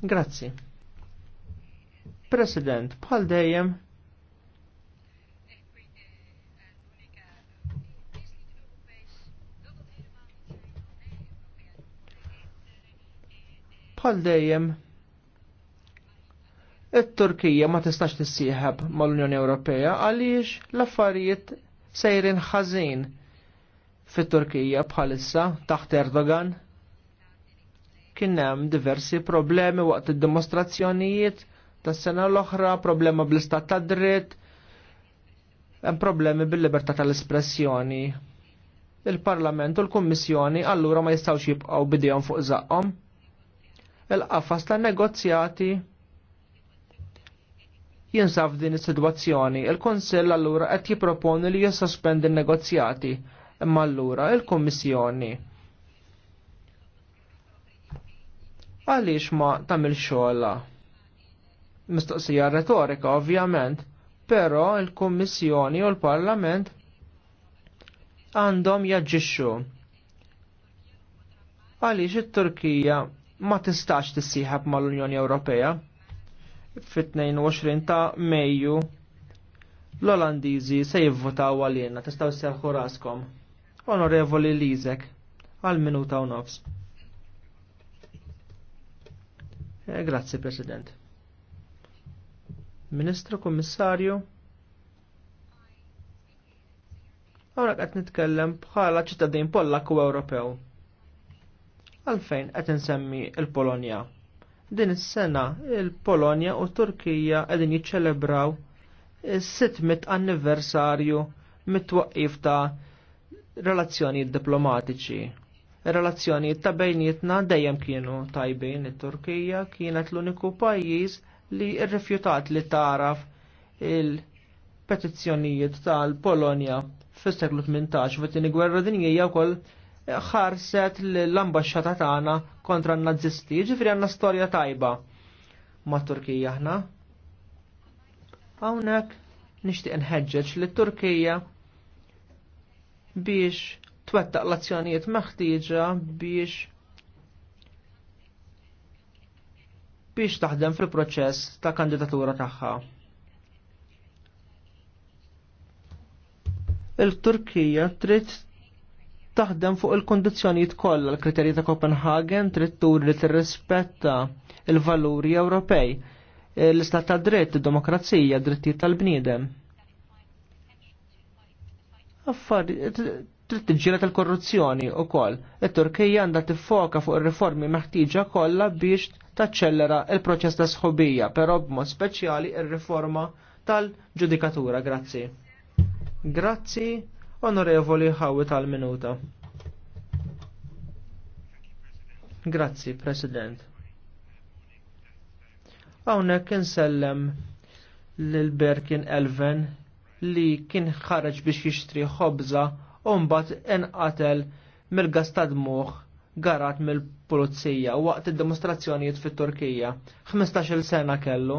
Grazzi. President, bħal dejjem Bħal dejjem, it-Turkija ma tistax tissieħab mal-Unjoni Ewropea għaliex l-affarijiet sejrin ħażin fit-Turkija bħalissa taħt Erdogan. Kien hemm diversi problemi waqt id-dimostrazzjonijiet tas-sena l-oħra, problema bl-istat ta' dritt, hemm problemi bil-libertà tal-espressjoni. Il-Parlament u l-Kummissjoni allura ma jistgħux jibqgħu bidejhom fuq żaqhom il-qafas tan negozjati jinsaf din is-sitwazzjoni. Il-Kunsill allura qed jipproponi li jissospendi n-negozjati imma allura il-Kummissjoni. Għaliex ma tagħmel xogħla? Mistoqsija retorika ovvjament, però il-Kummissjoni u l-Parlament għandhom jaġġixxu. Għaliex it-Turkija ma tistax tissieħab mal-Unjoni Ewropea. Fit-22 ta' Mejju l-Olandiżi se jivvotaw għalina, tistaw seħħu raskom. Onorevoli Lizek, għal minuta u nofs. Eh, grazzi, President. Ministru Kommissarju, Għawna għat nitkellem bħala ċittadin Pollak u Ewropew. Għalfejn qed insemmi l-Polonja. Din is-sena il-Polonja u Turkija qegħdin jiċċelebraw is-600 anniversarju mit-twaqqif ta' relazzjonijiet diplomatiċi. Relazzjonijiet ta' bejnietna dejjem kienu tajbin it-Turkija kienet l-uniku pajjiż li rrifjutat li taraf il-petizzjonijiet tal-Polonja fis-seklu 18 fit-tieni gwerra dinjija wkoll ħarset l-ambasċata tagħna kontra n-nazisti, ġifri għanna storja tajba ma' Turkija ħna. Hawnhekk nixtieq nħeġġeġ li Turkija biex twettaq l-azzjonijiet meħtieġa biex biex taħdem fil-proċess ta' kandidatura tagħha. Il-Turkija trid taħdem fuq il-kondizjonijiet kollha l-kriterji ta' Copenhagen trid tur li tirrispetta il-valuri Ewropej, l-istat ta' dritt, id-demokrazija, drittijiet tal-bniedem. Affari, trid tiġġiela tal-korruzzjoni wkoll. It-Turkija għandha tiffoka fuq ir-riformi meħtieġa kollha biex taċċellera il-proċess ta' sħobija, però b'mod speċjali ir-riforma tal-ġudikatura. Grazzi. Grazzi. Onorevoli ħawi tal-minuta. Grazzi, President. Hawnhekk insellem lil Berkin Elven li kien ħareġ biex jixtri ħobza u nqatel mill-gas ta' dmuħ garat mill-pulizija waqt id-demonstrazzjonijiet fit-Turkija. 15-il sena kellu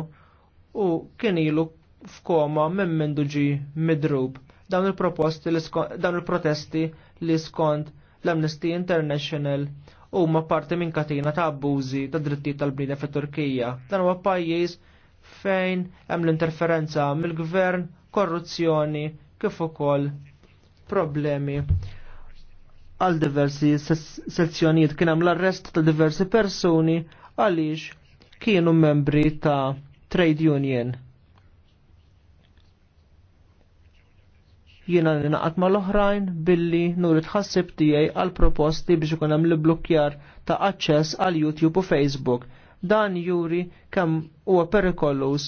u kien ilu f'koma minn mindu ġi midrub dawn il-proposti dawn il-protesti li skont l-Amnesty International huma parti minn katina ta' abbużi ta' drittijiet tal-bniedem fit-Turkija. Dan huwa pajjiż fejn hemm l-interferenza mill-gvern, korruzzjoni, kif ukoll problemi għal diversi sezzjonijiet kien hemm l-arrest ta' diversi persuni għaliex kienu membri ta' trade union. jiena ninaqat ma l-oħrajn billi nuri tħassib tiegħi għal proposti biex ikun hemm l-blokkjar ta' aċċess għal YouTube u Facebook. Dan juri kemm huwa perikollus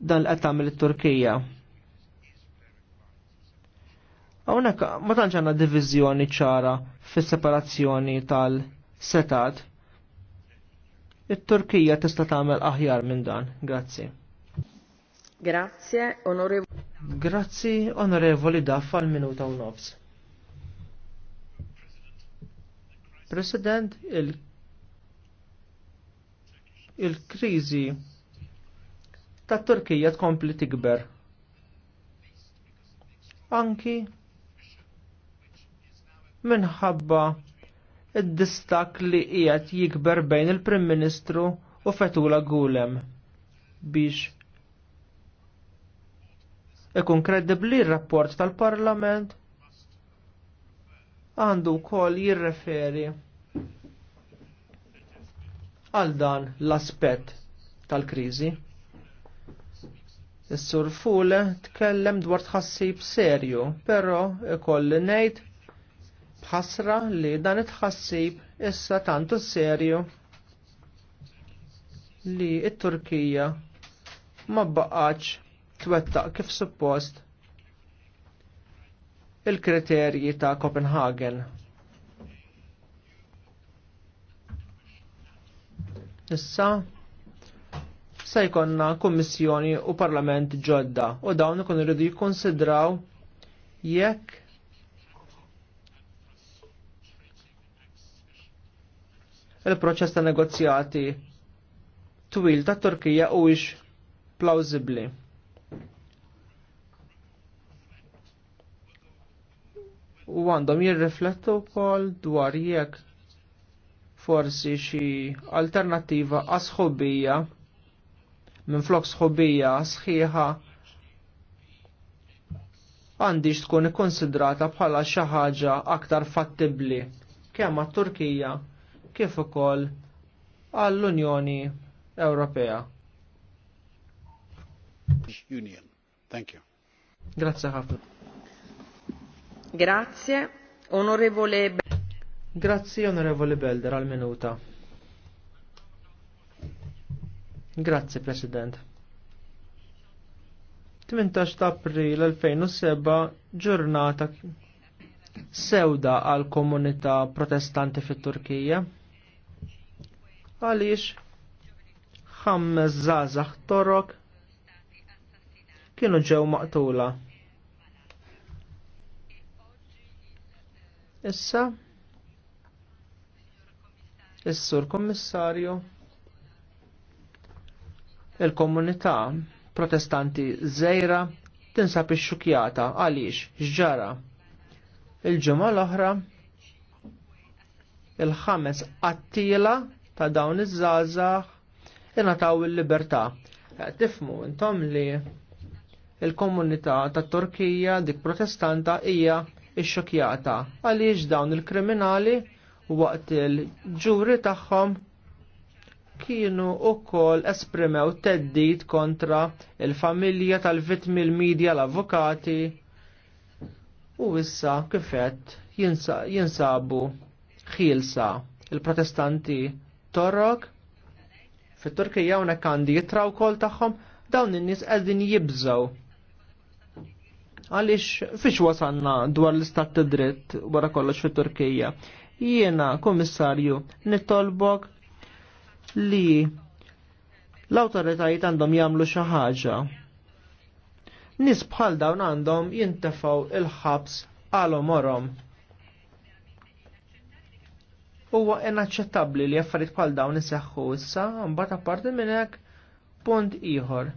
dan l qed tagħmel it-Turkija. Hawnhekk ma tantx għandna diviżjoni ċara fis-separazzjoni tal-setat. It-Turkija tista' tagħmel aħjar minn dan. Grazzi. Grazie, onorevoli. Grazzi, onorevoli Daffa, għal minuta u nofs. President, il, il kriżi ta' Turkija tkompli tikber. Anki minħabba id-distak li qiegħed jikber bejn il-Prim Ministru u Fetula Gulem biex ikun kredibbli r-rapport tal-Parlament għandu wkoll jirreferi għal dan l-aspett tal-kriżi. Is-Sur Fule tkellem dwar tħassib serju, però ikolli ngħid bħasra li dan it-tħassib issa tantu serju li t-Turkija ma baqax twetta kif suppost il-kriterji ta' Copenhagen. Issa se jkollna kummissjoni u parlament ġodda u dawn ikun irridu jikkonsidraw jekk il-proċess ta' negozjati twil ta' Turkija huwiex plawzibli. u għandhom jirriflettu wkoll dwar jekk forsi xi alternattiva għas minn flok sħobija sħiħa għandix tkun ikkonsidrata bħala xi ħaġa aktar fattibbli kemm għat-Turkija kif ukoll għall-Unjoni Ewropea. Union. Thank you. Grazie ħafna. Grazie, onorevole Grazie, onorevole Belder, al minuta. Grazie, President. 18 ta' april 2007 ġurnata sewda għal komunità protestanti fit-Turkija. Għaliex ħames żgħażagħ torok kienu ġew maqtula. Issa, Is-Sur Kommissarju, il-komunità protestanti zejra tinsab ix-xukjata għaliex x'ġara. Il-ġimgħa l-oħra il-ħames qattila ta' dawn iż-żgħażagħ ingħataw il-libertà. Tifmu intom li il-komunità tat Turkija dik protestanta hija ix-xokjata għaliex dawn il-kriminali waqt il-ġuri tagħhom kienu ukoll esprimew teddit kontra il-familja tal-vittmi l-medja l-avukati u issa kifet jinsabu ħilsa il-protestanti torrok fit-Turkija unek għandi jitraw kol tagħhom dawn in-nies qegħdin jibżgħu għaliex fiex wasanna dwar l-istat t dritt wara kollox fit-Turkija. Jiena, komissarju, nittolbok li l-autoritajiet għandhom jagħmlu xi ħaġa. Nis bħal dawn għandhom jintefgħu il-ħabs għalhom orhom. Huwa inaċċettabbli li affarijiet bħal dawn iseħħu issa, mbagħad apparti minn hekk punt ieħor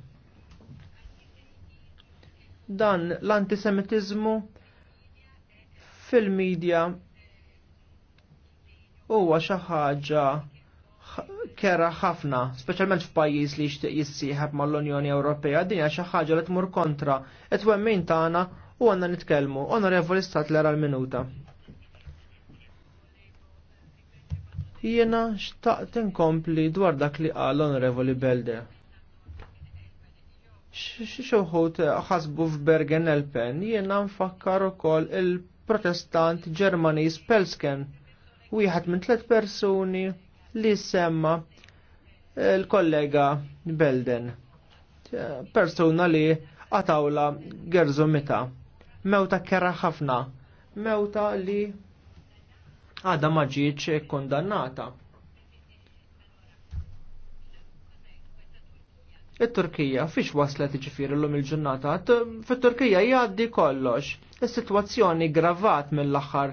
dan l-antisemitizmu fil-medja huwa xi ħaġa kera ħafna, speċjalment f'pajjiż li jixtieq jissieħab mal-Unjoni Ewropea, dinja xi ħaġa li tmur kontra qed wemmin tagħna u għandna nitkellmu. Onorevoli Stat l l-minuta. Jiena xtaqt inkompli dwar dak li qal Onorevoli Belder xoħut ħasbu f'Bergen Elpen jiena nfakkar ukoll il-protestant Ġermaniż Pelsken wieħed minn tliet persuni li semma l-kollega Belden persuna li għatawla mita. mewta kera ħafna mewta li għada maġiċ kondannata. Il-Turkija fiex waslet ġifir l-lum il-ġurnata, fil-Turkija jgħaddi kollox. Is-situazzjoni gravat mill-axar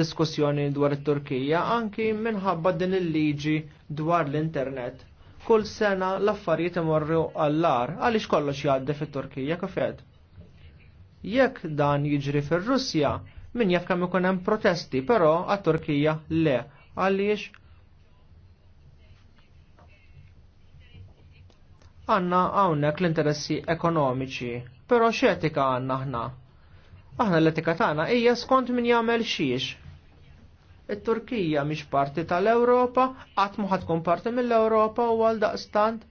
diskussjoni dwar il-Turkija anki minħabba din il-liġi dwar l-internet. Kull sena l-affarijiet imorru għallar għaliex kollox jgħaddi fil-Turkija kafed. Jekk dan jiġri fil-Russja, min jaf kemm ikun hemm protesti, però għat-Turkija le għaliex għanna għawnek l-interessi ekonomiċi, pero x'etika għanna ħna. Aħna l-etika tagħna hija skont min jagħmel xiex. It-Turkija mhix parti tal-Ewropa, qatt ma tkun parti mill-Ewropa u għal daqstant.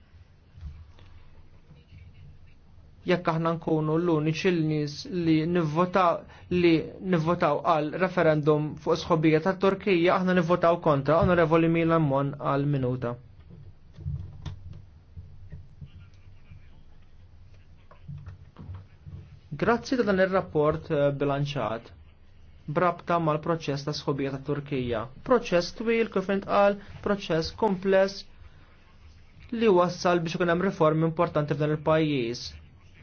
Jekk aħna nkunu l-uniċi l-nies li nivvotaw li nivvotaw għal referendum fuq sħobija tat-Turkija, aħna nivvotaw kontra, onorevoli Milan Mon għal minuta. Grazzi ta' dan ir-rapport eh, bilanċat brabta mal-proċess ta' sħobija ta' Turkija. Proċess twil kif intqal, proċess kompless li wassal biex ikun hemm riformi importanti f'dan il-pajjiż.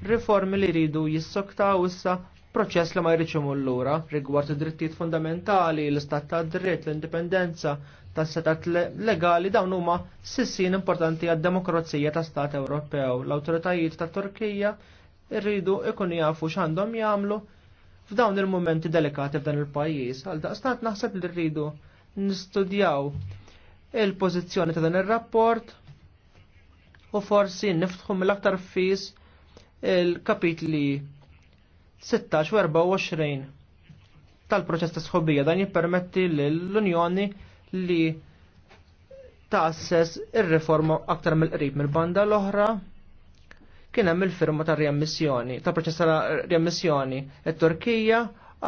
Riformi li jridu jissoktaw issa proċess li ma jridx imur lura rigward id-drittijiet fundamentali, l-istat ta' dritt, l-indipendenza, tas setat legali dawn huma sissin importanti għad-demokrazija ta' Stat Ewropew. L-awtoritajiet ta' Turkija irridu ikun jafu x'għandhom jagħmlu f'dawn il-momenti delikati f'dan il-pajjiż. Għal daqstant naħseb li rridu nistudjaw il-pożizzjoni ta' dan ir-rapport u forsi niftħu mill-aktar fis il-kapitli 16 24 tal-proċess ta' sħobija dan jippermetti l-Unjoni li assess il riforma aktar mill-qrib mill-banda l-oħra kien hemm il-firma ta' riammissjoni, ta' proċess ta' riammissjoni. It-Turkija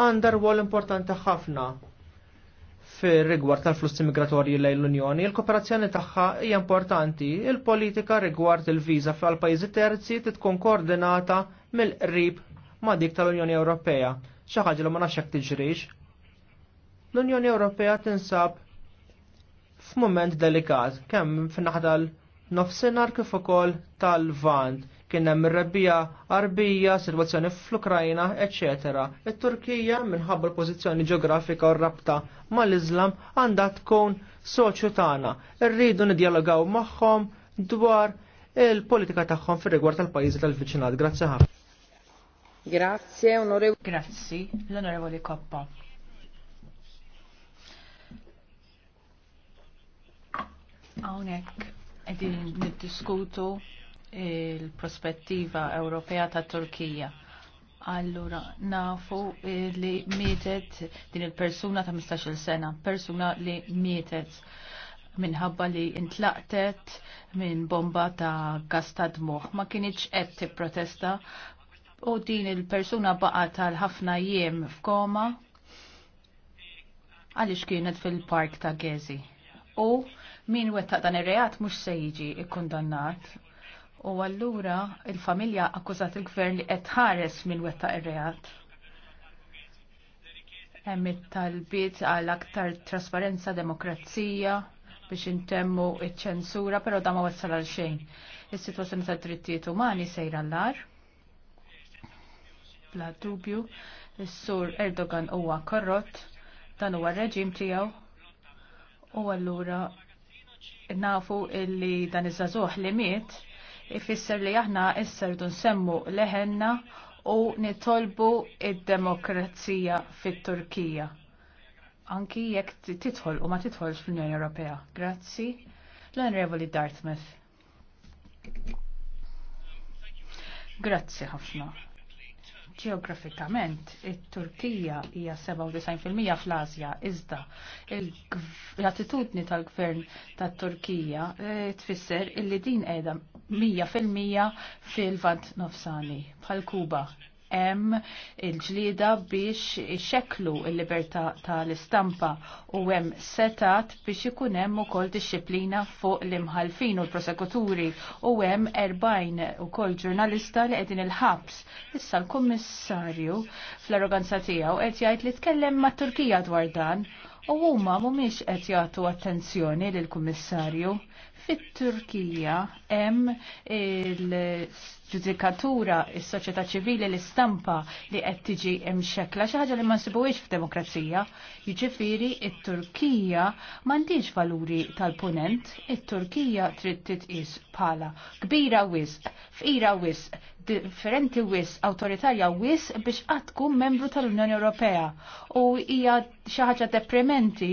għandha rwol importanti ħafna fir-rigward tal-flussi migratorji lejn l-Unjoni, il-kooperazzjoni tagħha hija importanti. Il-politika rigward il-viża fl pajjiżi terzi titkun koordinata mill-qrib ma' dik tal-Unjoni Ewropea. Xi ħaġa li ma nafx hekk tiġrix. L-Unjoni Ewropea tinsab f'mument delikat kemm fin-naħdal nofsinhar kif ukoll tal-Vant. Kien hemm ir-rebbija qarbija, sitwazzjoni fl-Ukrajna, etc. It-Turkija minħabba l-pożizzjoni ġeografika u rabta mal-Iżlam għandha tkun soċju tagħna. Irridu nidjalogaw magħhom dwar il-politika tagħhom fir-rigward tal-pajjiżi tal-viċinat. Grazzi ħafna. Grazie, onorevoli. Grazzi, l-onorevoli Koppa. Hawnhekk għedin niddiskutu il-prospettiva Ewropea ta' Turkija. Allura, nafu li mietet din il-persuna ta' 15 sena, persuna li mietet minħabba li intlaqtet minn bomba ta' Gastad Moħ, Ma kienieċ qed tipprotesta u din il-persuna baqa tal-ħafna jiem f'koma għaliex kienet fil-park ta' Gezi. U min wettaq dan ir-reat mhux se jiġi kkundannat. U allura il-familja akkużat il-gvern li qed ħares min wettaq ir-reat. Hemm it-talbiet għal aktar trasparenza, demokrazija biex intemmu iċ-ċensura, però da ma wassal għal xejn. Is-sitwazzjoni tad-drittijiet umani sejra l-ar. Bla dubju, is-sur Erdogan huwa korrott, dan huwa reġim tiegħu u allura nafu illi dan iż żagħżugħ li miet ifisser li aħna isser dun semmu leħenna u nitolbu id-demokrazija fit-Turkija. Anki jekk titħol u ma titħolx fl-Unjoni Ewropea. Grazzi. L-Onorevoli Dartmouth. Grazzi ħafna. Ġeografikament, it-Turkija hija 97% fl-Asja, iżda l-attitudni tal-gvern tat-Turkija eh, tfisser illi din qiegħda 100% fil-vant nofsani bħal Kuba hemm il-ġlieda biex ixekklu l-libertà tal-istampa u hemm setat biex ikun hemm ukoll disċiplina fuq l-imħalfin u l-prosekuturi u hemm 40 ukoll ġurnalista li qegħdin il-ħabs. Issa l-Kummissarju fl-arroganza tiegħu qed jgħid li tkellem mat Turkija dwar dan u huma mhumiex qed jagħtu attenzjoni lill-Kummissarju Fit-Turkija hemm il-ġudikatura, is-soċjetà ċivili, l-istampa li qed tiġi xekla xi ħaġa li ma nsibuhiex f'demokrazija. Jiġifieri it-Turkija m'għandix valuri tal-punent, it-Turkija trid titqis bħala kbira wisq, fqira wisq, differenti wis, autoritarja wis biex tkun membru tal-Unjoni Ewropea. U hija xi ħaġa deprimenti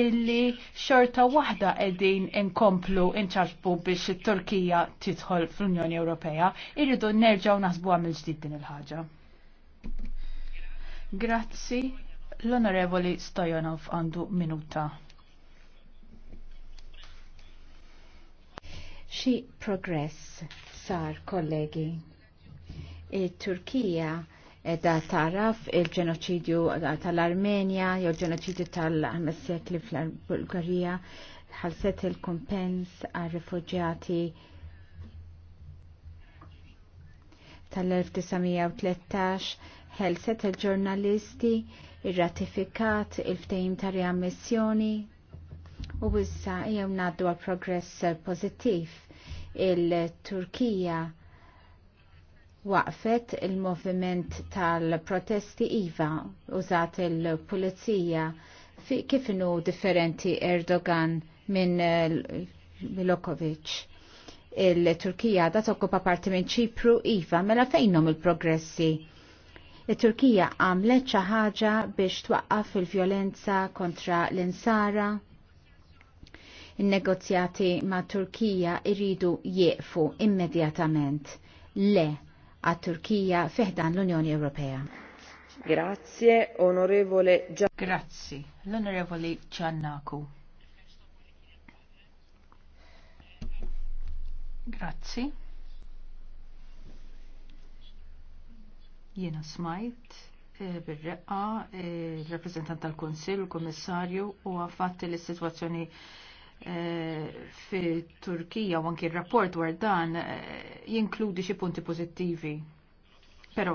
illi xorta waħda qegħdin inkomplu inċarbu biex it-Turkija titħol fl-Unjoni Ewropea, irridu nerġaw nasbu għamil ġdid din il-ħaġa. Grazzi, l-Onorevoli Stojanov għandu minuta. Xi progress sar, kollegi. Il-Turkija edha taraf il-ġenoċidju tal-Armenja, jew il-ġenoċidju tal-Messekli fl-Bulgarija, ħalset il-kompens għal rifugjati tal-1913 ħelset il-ġurnalisti ir-ratifikat il-ftejim ta' riammissjoni u issa jew naddu għal progress pozittiv il-Turkija waqfet il-moviment tal-protesti IVA użat il-pulizija kif differenti Erdogan minn eh, Milokovic. Il-Turkija da t-okkupa parti minn Ċipru, Iva, mela fejnom il-progressi. Il-Turkija għamlet xi ħaġa biex twaqqaf il-vjolenza kontra l-insara, il-negozjati ma' Turkija irridu jieqfu immedjatament. Le, għat Turkija fiħdan l-Unjoni Ewropea. Grazie, onorevole Gian... Grazie, l-onorevole Giannaku. Grazzi. Jiena smajt eh, bil-reqqa eh, il-reprezentant tal-Konsil, il kommissarju u għafatti li situazzjoni eh, fi Turkija u anki il-rapport dwar dan jinkludi xi punti pozittivi. Però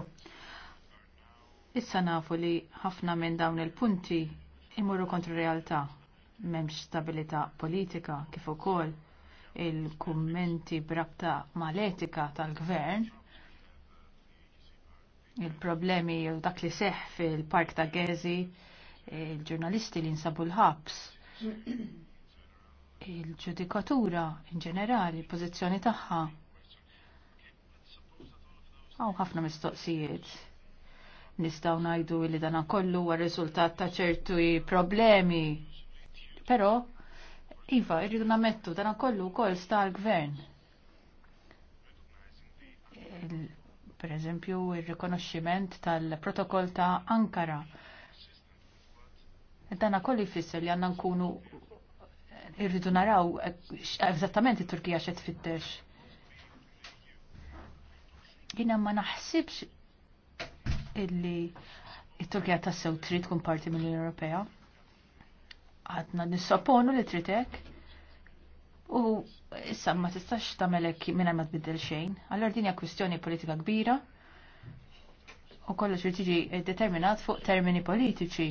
issa nafu li ħafna minn dawn il-punti imorru kontra realtà m'hemmx stabilità politika kif ukoll il-kummenti brabta mal-etika tal-gvern il-problemi u dak li seħ fil-park ta' Gezi, il-ġurnalisti li nsabu l-ħabs, il-ġudikatura in ġenerali, il-pozizjoni tagħha. Għaw ħafna mistoqsijiet. Nistaw najdu li dana kollu għal riżultat ta' ċertu problemi. Pero, Iva, irridu namettu dan kollu kol sta l-gvern. Per eżempju, il-rikonoxximent tal-protokoll ta' Ankara. Dana kollu jfisser li għanna nkunu irridu naraw eżattament it-Turkija xed fittex. Jina ma naħsibx illi il turkija tassew trid tkun parti mill-Unjoni Ewropea għadna nissaponu li tritek. U issa ma tistax melek minna ma tbiddel xejn. Allora din hija kwistjoni politika kbira u kollox li tiġi determinat fuq termini politiċi.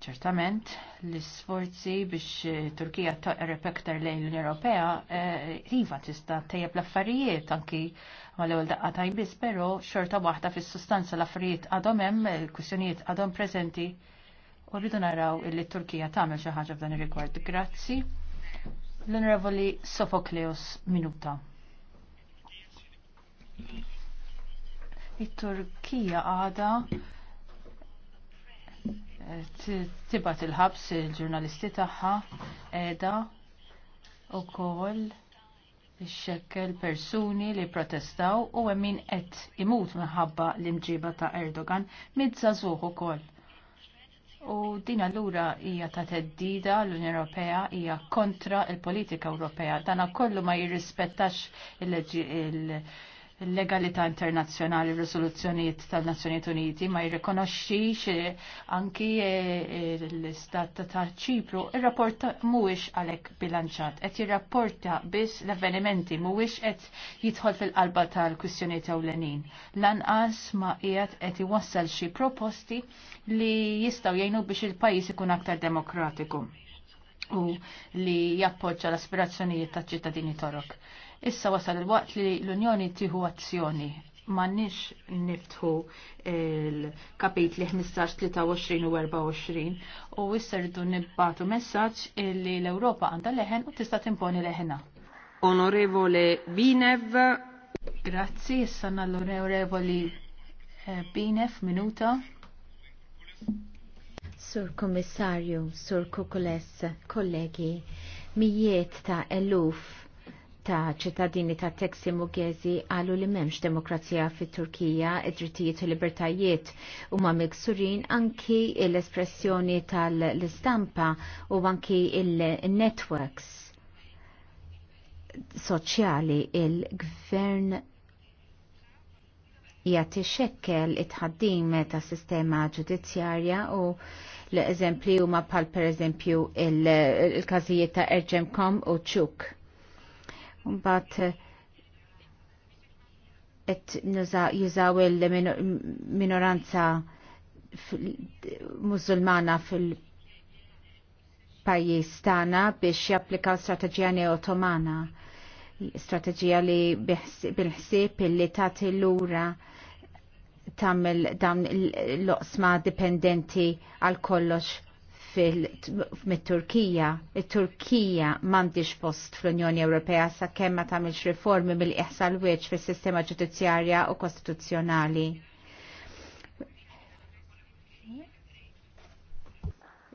Ċertament, l-sforzi biex eh, Turkija toqreb iktar lejn l-Unjoni Ewropea eh, iva tista' tejjeb l-affarijiet anki mal-ewwel daqqa tajbis, però xorta waħda fis-sustanza l-affarijiet għadhom hemm, il-kwistjonijiet għadhom preżenti u rridu naraw illi Turkija tagħmel xi ħaġa f'dan ir-rigward. Grazzi. L-Onorevoli Sofokleos Minuta. it turkija għada eh, tibat il-ħabs il-ġurnalisti tagħha qiegħda ukoll ixxekkel persuni li protestaw u hemm min qed imut minħabba l-imġiba ta' Erdogan mid żagħżugħ ukoll U din allura hija ta' teddida l-Unjoni Ewropea hija kontra il-politika Ewropea. Dana kollu ma jirrispettax il-leġi il, -leġi, il l-legalità internazzjonali, r-risoluzzjonijiet tal-Nazzjonijiet Uniti ma jirrikonoxxix eh, anki eh, l-istat ta' ċipru, ir-rapport mhuwiex għalhekk bilanċat, qed jirrapporta biss l-avvenimenti mhuwiex qed jidħol fil-qalba tal-kwistjonijiet ewlenin. Lanqas ma qiegħed qed iwassal xi proposti li jistgħu jgħinu biex il-pajjiż ikun aktar demokratiku u li jappoġġa l-aspirazzjonijiet taċ-ċittadini Torok Issa wasal il-waqt li l-Unjoni tieħu azzjoni mannix niftħu il li 15-23 u 24 u rridu nibbatu messaċ li l-Europa għanda leħen u tista' timponi leħena. Onorevole Binev. Grazzi, sanna l-onorevoli eh, Binev, minuta. Sur Kommissarju, Sur Kukules, kollegi, mijiet ta' eluf ta' ċittadini ta' Teksi Mugezi għalu li memx demokrazija fit turkija id-drittijiet u libertajiet u ma' miksurin anki l-espressjoni tal-istampa u anki il-networks soċjali il-gvern jgħati xekkel it-ħaddim ta' sistema ġudizzjarja u l-eżempli u ma' pal per eżempju il-kazijiet ta' Erġemkom u ċuk Mbagħad eh, qed jużaw il-minoranza musulmana fil-pajjiż tagħna biex japplikaw strateġija neotomana, strateġija li bil-ħsieb illi tagħti lura tagħmel dawn l-oqsma dipendenti għal kollox mit-Turkija. Il-Turkija mandiġ post fl-Unjoni Ewropea sa' kemma ma tagħmilx riformi mill-iħsal weċ fis-sistema ġudizzjarja u kostituzzjonali.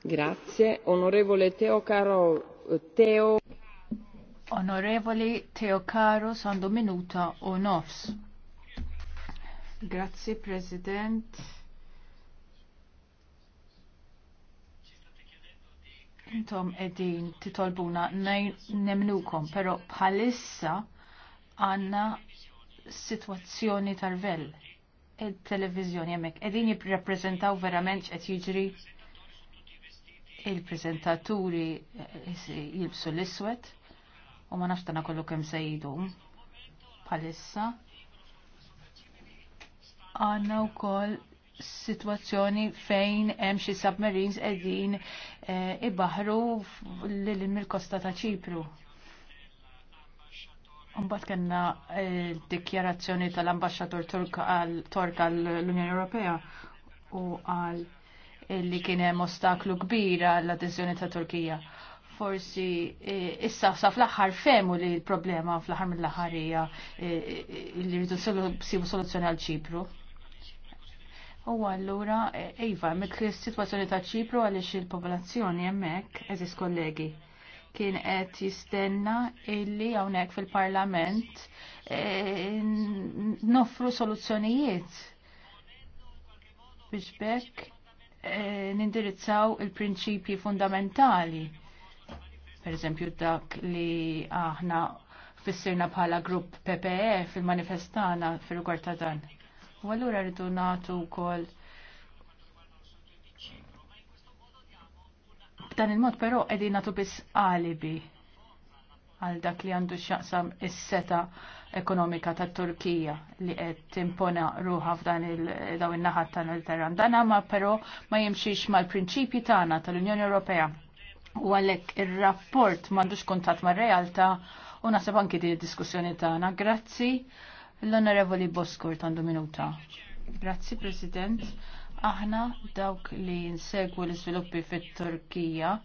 Grazie, onorevole Teo Caro Teo Onorevoli Teo Caro Sando minuta u nofs. Grazie President. intom edin titolbuna nemnukom, pero bħalissa għanna situazzjoni tarvel ed televizjoni jemmek edin jiprezentaw verament qed jiġri il-prezentaturi eh, jilbsu l-iswet u ma naftana kollu kem sejdu palissa għanna u koll situazzjoni fejn hemm xi submarines qegħdin eh, ibaħru lil mill-kosta ta' Ċipru. Mbagħad kellna d-dikjarazzjoni eh, tal-ambaxxatur Tork għall unjoni Ewropea u għal li kien hemm ostaklu kbir għall adeżjoni ta' Turkija. Forsi eh, issa sa fl-aħħar femu li l-problema fl-aħħar mill-aħħar hija li rridu sibu soluzzjoni għal Ċipru. U allura, e, Iva, s situazzjoni ta' ċipru għaliex il-popolazzjoni hemmhekk, eżis kollegi, kien qed jistenna illi hawnhekk fil-Parlament e, noffru soluzzjonijiet biex bekk e, nindirizzaw il-prinċipji fundamentali. Per eżempju dak li aħna fissirna bħala grupp PPE fil-manifestana fil-rigward ta' dan. U allura rridu nagħtu wkoll B'dan il-mod però qegħdin nagħtu biss alibi għal dak li għandu x'jaqsam is-seta ekonomika tat Turkija li qed timpona ruħa f'dan il-daw in-naħat l-terran. Dan ma però ma jimxiex mal-prinċipji tagħna tal-Unjoni Ewropea. U għalhekk ir-rapport m'għandux kuntatt mar-realtà u naħseb anki din id-diskussjoni tagħna. Grazzi L-Onorevoli Boskur tandu minuta. Grazzi, President. Aħna dawk li nsegwu l-izviluppi fit-Turkija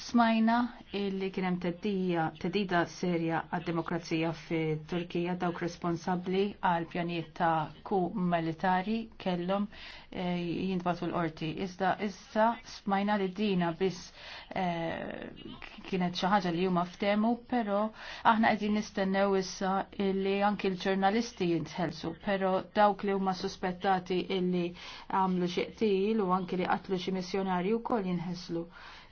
Smajna illi kienem tedida serja għad-demokrazija fi Turkija dawk responsabli għal pjaniet ta' ku militari kellhom e, l-qorti. Iżda issa smajna li dina biss e, kienet xi ħaġa li huma ftemu, pero aħna qegħdin nistennew issa illi anki l-ġurnalisti jintħelsu, però dawk li huma suspettati illi għamlu xi qtil u anki li qatlu xi missjonarji wkoll jinħeslu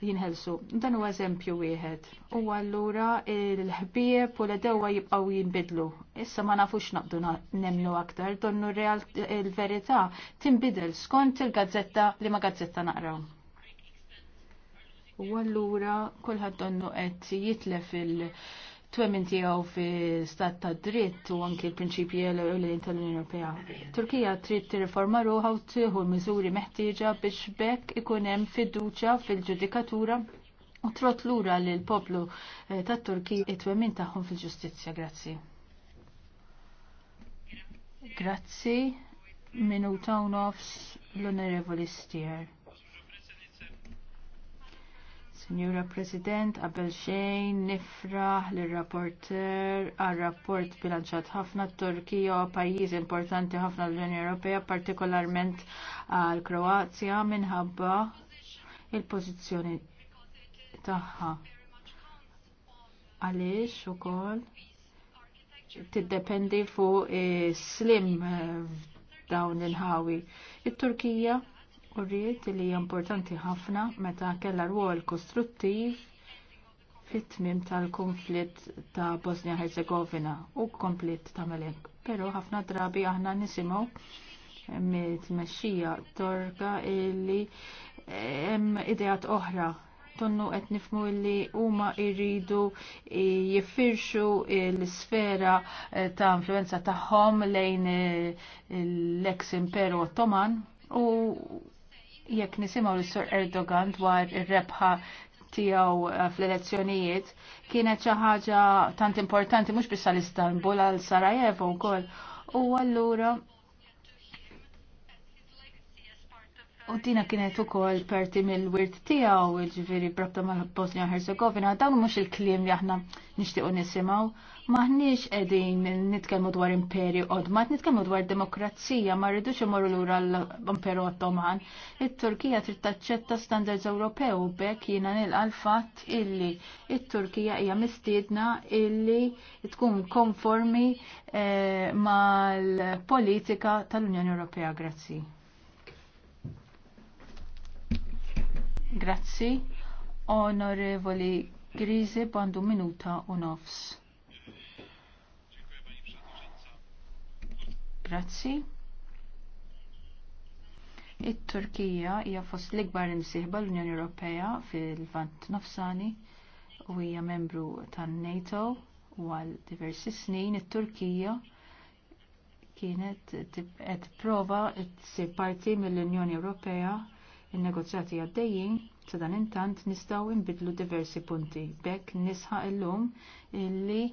jinħelsu. Dan huwa eżempju wieħed. U allura il-ħbieb u l-edewa jibqgħu jinbidlu. Issa ma nafux naqdu nemlu aktar, donnu real il-verità tinbidel skont il-gazzetta li ma gazzetta naqraw. U allura kulħadd donnu qed jitlef il- twemmin tiegħu fi stat ta' dritt u anki l-prinċipji l-ewlenin tal-Unjoni Ewropea. Turkija trid tirriforma ruħa u tieħu miżuri meħtieġa biex bekk ikun hemm fiduċja fil-ġudikatura u trot lura li l-poplu eh, tat Turkija it-twemmin tagħhom fil-ġustizzja. Grazzi. Grazzi. Minuta u nofs l-Onorevoli Stier. Njura President, qabel xejn nifraħ l rapporter għal rapport bilanċat ħafna Turkija pajjiż importanti ħafna l-Unjoni Ewropea, partikolarment għal Kroazja minħabba il-pożizzjoni tagħha. Għaliex ukoll tiddependi fuq slim dawn il ħawi it turkija u li hija importanti ħafna meta kellha rwol kostruttiv fit-tmim tal-konflitt ta' Bosnia Herzegovina u konflitt ta' Melek. Però ħafna drabi aħna nisimgħu mit-tmexxija torka illi hemm ideat oħra tonnu qed nifmu li huma jridu jiffirxu l-sfera eh, ta' influenza tagħhom lejn eh, l-ex imperu Ottoman u jekk nisimgħu l-Sur Erdogan dwar ir-rebħa tiegħu eh, fl-elezzjonijiet kienet xi ħaġa tant importanti mhux biss għal Istanbul għal Sarajevo wkoll. U allura U dina kienet u kol parti mill-wirt tijaw, ġviri brabta mal bosnia herzegovina dawn mux il-klim li aħna nixtiequ nisimaw, Maħniex edin nitkelmu dwar imperi odmat, nitkelmu dwar demokrazija, ma rridux imorru lura l-imperu ottoman. It-Turkija trid taċċetta standards Ewropew bekk jiena nilqal fatt illi it-Turkija hija mistiedna illi tkun konformi eh, mal-politika tal-Unjoni Ewropea. Grazzi. Grazzi. Onorevoli Grise bandu minuta u nofs. Grazzi. It-Turkija hija fost l-ikbar imsieħba l-Unjoni Ewropea fil-Vant Nofsani u hija membru tan-NATO u għal diversi snin it-Turkija kienet qed prova tsir parti mill-Unjoni Ewropea in-negozjati għaddejjin sa dan intant nistgħu nbidlu diversi punti. Bekk nisħaq illum illi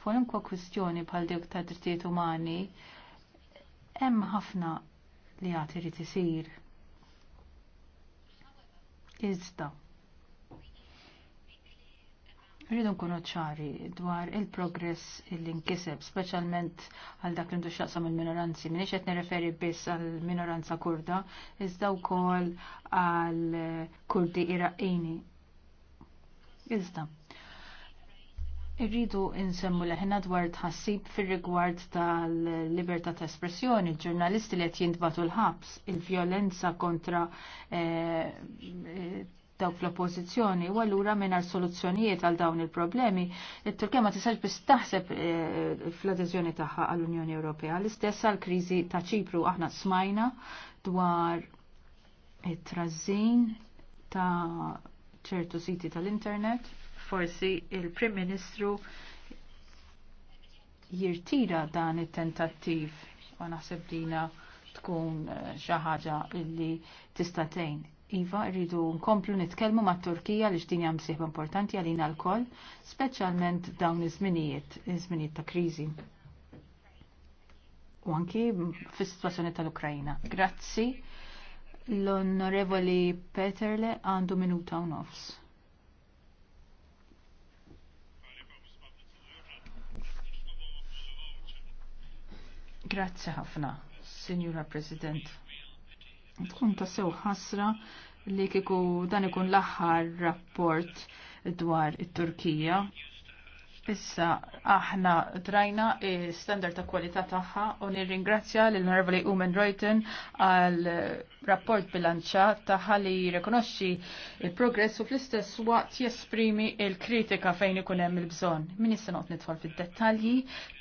kwalunkwa kwistjoni bħal dik ta' drittijiet umani Hemm ħafna li għad irid isir. Iżda. Rridu nkunu ċari dwar il-progress li nkiseb, speċjalment għal dak li ndu xaqsam il-minoranzi. Minix qed nirreferi biss għal minoranza kurda, iżda wkoll għal kurdi iraqini. Iżda. Irridu insemmu leħna dwar tħassib fil-rigward tal-libertà ta' espressjoni, ġurnalisti li qed jintbatu l-ħabs, il-vjolenza kontra eh, eh, dawk l-oppożizzjoni, u allura mingħajr soluzzjonijiet għal dawn il-problemi, it-Turkija ma tisax biss taħseb eh, fl-adeżjoni tagħha għall-Unjoni Ewropea. L-istess għall-kriżi ta' Ċipru aħna smajna dwar it-trażin ta' ċertu siti tal-internet forsi il-Prim Ministru jirtira dan it-tentattiv u naħseb dina tkun eh, xi ħaġa illi tista' tgħin. Iva, rridu nkomplu nitkellmu mat Turkija li x'din hija msieħba importanti għalina l-koll, speċjalment dawn iż-żminijiet, iż-żminijiet ta' kriżi. U anki fis-sitwazzjoni tal ukraina Grazzi. L-Onorevoli Peterle għandu minuta u nofs. Grazzi ħafna, Signora President. Tkun ta' sew ħasra li kiku dan ikun l-aħħar rapport dwar it-Turkija Issa, aħna trajna standard ta' kwalità tagħha u nirringrazzja lil Honorable Umen Reuten għal rapport bilanċat tagħha li jirrikonoxxi il-progress u fl-istess waqt jesprimi il-kritika fejn ikun hemm il-bżonn. Min issa noqgħod nidħol fid-dettalji,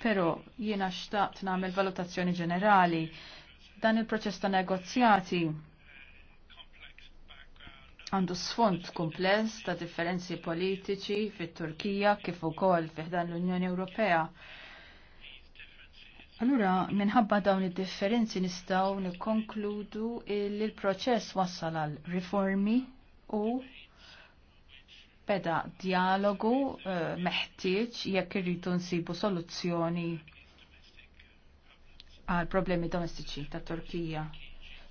però jiena xtaqt nagħmel valutazzjoni ġenerali dan il-proċess ta' negozjati għandu sfond kumpless ta' differenzi politiċi fit-Turkija kif ukoll fiħdan l-Unjoni Ewropea. Allura, minħabba dawn id-differenzi nistgħu nikkonkludu li l-proċess wassal għal riformi u beda dialogu eh, meħtieġ jekk irridu nsibu soluzzjoni għal problemi domestiċi ta' Turkija.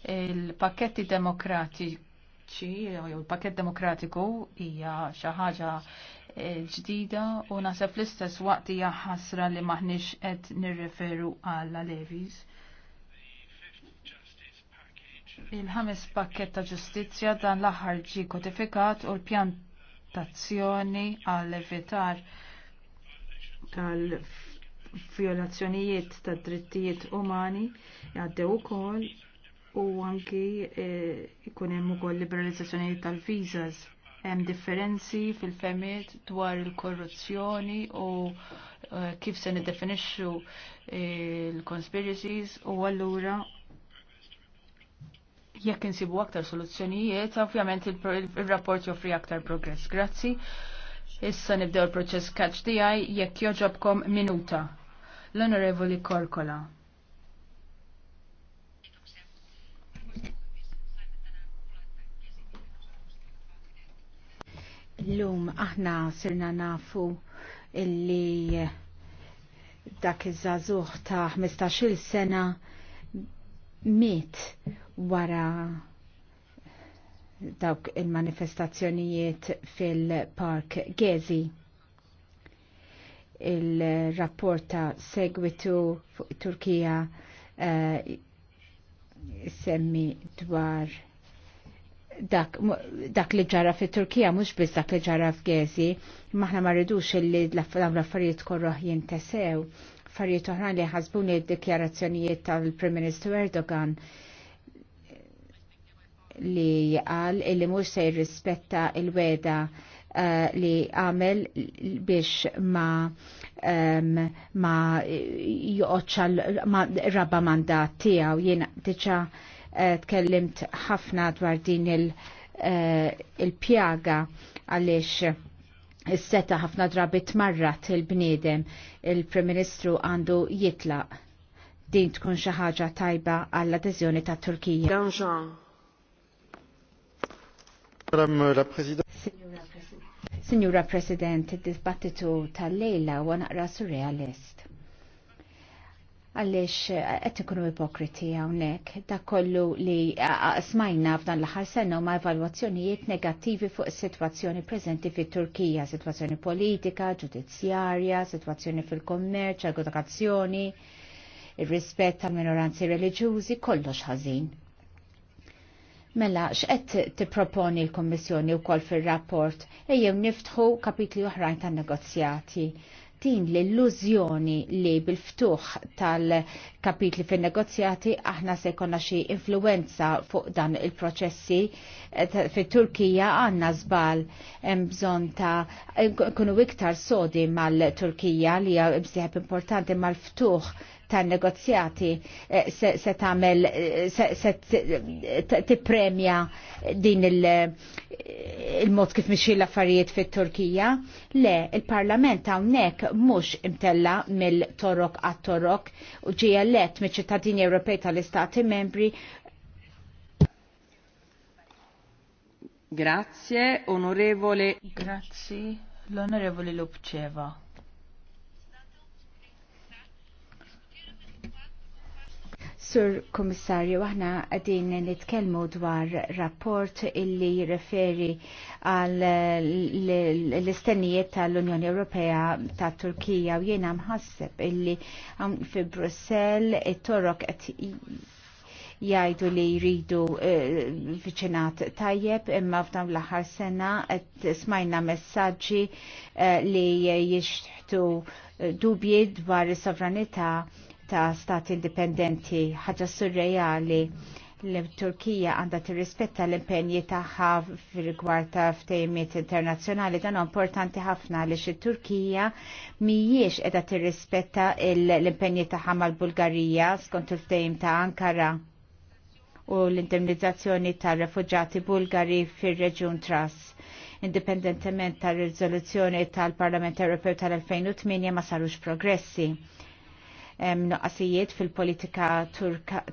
Il-pakketti demokratiċi paċċi jew il-pakett demokratiku hija xi ħaġa eh, ġdida u nasab l istess waqt hija ħasra li maħniex qed nirreferu għal Levis. Il-ħames pakket ta' ġustizzja dan l-aħħar ġi kodifikat u l-pjantazzjoni għal evitar tal-violazzjonijiet tad drittijiet umani għaddew ukoll u anki e, ikun hemm ukoll liberalizzazzjoni tal visas Hemm differenzi fil-femiet dwar il-korruzzjoni u e, kif se niddefinixxu e, il-conspiracies u allura jekk insibu aktar soluzzjonijiet, ovvjament il-rapport joffri aktar progress. Grazzi. Issa nibdew il-proċess catch eye jekk joġobkom minuta. L-Onorevoli Korkola. L-lum aħna sirna nafu illi dak iż żagħżugħ ta' 15-il sena miet wara dawk il-manifestazzjonijiet fil-Park Gezi. il rapporta segwitu fuq Turkija uh, semmi dwar dak, dak li ġara fit turkija mhux biss dak li ġara f'Gezi, maħna ma rridux li dawn l-affarijiet korroħ jintesew. Affarijiet oħra li ħasbuni d-dikjarazzjonijiet tal-Prim Ministru Erdogan li qal illi mhux se jirrispetta il-weda uh, eh, li għamel biex ma um, ma joqgħodx ma rabba mandat tiegħu jien diġà Eh, tkellimt ħafna dwar din eh, il-pjaga għaliex is-seta ħafna drabi marrat il-bniedem il-Prim Ministru għandu jitlaq din tkun xi ħaġa tajba għall adeżjoni tat Turkija. Signora President, id-dibattitu tal-lejla huwa naqra surrealist għalix eh, qed ikunu ipokriti hawnhekk dak kollu li eh, eh, smajna f'dan l-aħħar sena ma' evaluazzjonijiet negattivi fuq is-sitwazzjoni preżenti fit-Turkija, sitwazzjoni politika, ġudizzjarja, sitwazzjoni fil-kommerċ, edukazzjoni, ir-rispett tal minoranzi reliġjużi, kollox ħażin. Mela, x'qed tipproponi l-Kommissjoni wkoll fir-rapport ejjew niftħu kapitli oħrajn tan-negozjati din l-illużjoni li bil-ftuħ tal-kapitli fin negozjati aħna se jkollna xi influenza fuq dan il-proċessi fit-Turkija għandna żbal hemm bżonn ta' kunu iktar sodi mal-Turkija li hija msieħeb importanti mal-ftuħ tan-negozjati eh, se tagħmel se tippremja eh, din eh, il-mod kif mixi l-affarijiet fit-Turkija. Le, il-Parlament hawnhekk mhux imtella mill-torok għat-torok u ġie elett miċ-ċittadini Ewropej tal-Istati membri Grazie, onorevole. Grazie, l'onorevole Lupceva. Sur Komissarju, aħna għadin nitkellmu dwar rapport illi referi għal l-istennijiet tal-Unjoni Ewropea ta' Turkija u jiena mħasseb illi fi Brussell it-torok jajdu li jridu eh, viċinat tajjeb imma f'dan l-aħħar sena smajna messaġġi eh, li jixtu eh, dubji dwar is-sovranità ta' stati indipendenti, ħaġa surreali li turkija għandha tirrispetta l-impenji tagħha fil-gwar ta' ftejmiet internazzjonali dan importanti ħafna li it-Turkija mhijiex qiegħda tirrispetta l-impenji tagħha mal-Bulgarija skont il-ftejm ta' Ankara u l-indemnizzazzjoni tar-refuġati Bulgari fir-Reġjun Tras. Indipendentement tar-riżoluzzjoni tal-Parlament Ewropew tal-2008 ma sarux progressi noqqasijiet fil-politika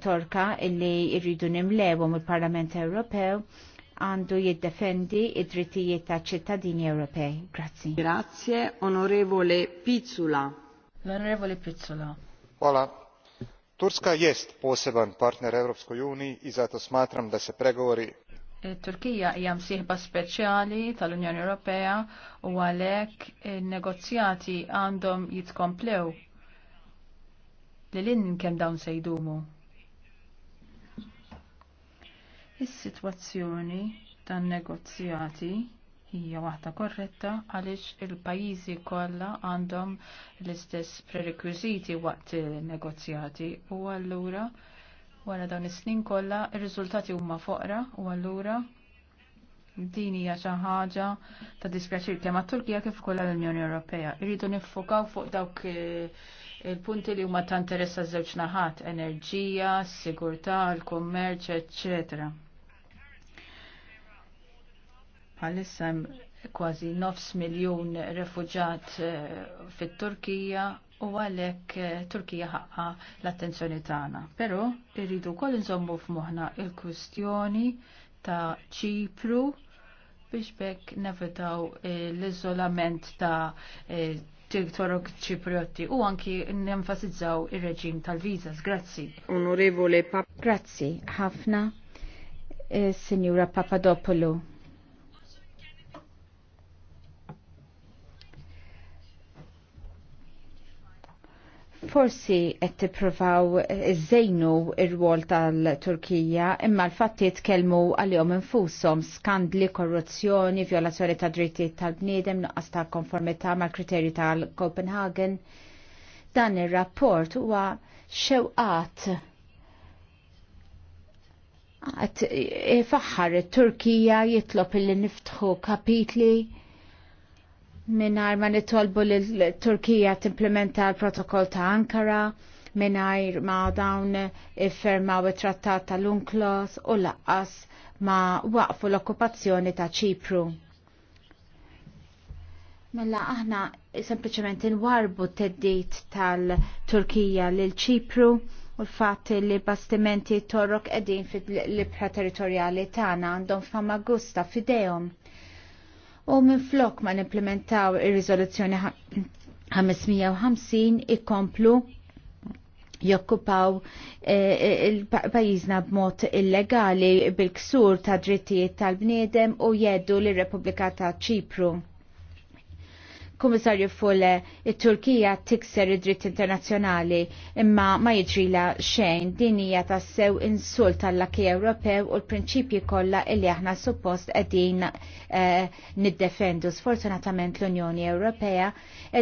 torka illi irridu nimlewhom il-Parlament Ewropew għandu jiddefendi id-drittijiet ta' ċittadini Ewropej. Grazzi. Grazie, onorevole Pizzula. L-onorevole Pizzula. Hola. Turska jest poseban partner Europskoj uniji i zato smatram da se pregovori e, Turkija hija msieħba speċjali tal-Unjoni Ewropea u għalhekk in-negozjati e, għandhom jitkomplew li l-in kem dawn se jdumu. Is-sitwazzjoni tan negozjati hija waħda korretta għaliex il-pajjiżi kollha għandhom l-istess prerekwiżiti waqt negozjati u allura wara dawn is-snin kollha ir-riżultati huma foqra u allura din hija xi ħaġa ta' dispjaċir kemm għat-Turkija kif ukoll l-Unjoni Ewropea. Irridu niffokaw fuq dawk eh, il-punti li huma ta' interess żewġ naħat, enerġija, sigurtà, l-kummerċ, eċetera. hemm kważi nofs miljun refuġat eh, fit-Turkija u għalhekk eh, Turkija ħaqqa l-attenzjoni tagħna. Però irridu wkoll inżommu f'moħħna il-kwistjoni ta' Ċipru biex bekk nevitaw l-iżolament ta' eh, tiltorok Ċiprioti u anki n-enfasizzaw il-reġim tal-vizas. Grazzi. Onorevole Pap. Grazzi, ħafna, eh, Signora Papadopoulou. Forsi qed tippruvaw iżejnu r-rwol tal-Turkija imma l-fatti jitkellmu għalihom infushom skandli, korruzzjoni, violazzjoni ta' drittijiet tal-bniedem, nuqqas ta' konformità mal-kriterji tal-Copenhagen. Dan ir-rapport huwa xewqat faħħar it turkija jitlob il-li niftħu kapitli Minar ma nitolbu li l-Turkija timplementa l-protokoll ta' Ankara, minar ma dawn iffermaw it-trattat l unklos u laqqas ma waqfu l-okkupazzjoni ta' Ċipru. Mela aħna sempliciment inwarbu t-teddit tal-Turkija l ċipru u l-fatt li bastimenti torrok edin fil-libħa territorjali tagħna għandhom fama gusta fidejhom u minn flok ma nimplementaw ir-riżoluzzjoni 550 (clears throat) ikomplu jokkupaw eh, eh, il-pajizna b'mod illegali bil-ksur ta' drittijiet tal-bniedem u jeddu l-Repubblika ta' Ċipru. Komissarju Fulle, it-Turkija tikser id-dritt internazzjonali imma ma jiġrila xejn din hija tassew insult tal-laki Ewropew u l-prinċipji kollha li aħna suppost qegħdin eh, niddefendu. Sfortunatament l-Unjoni Ewropea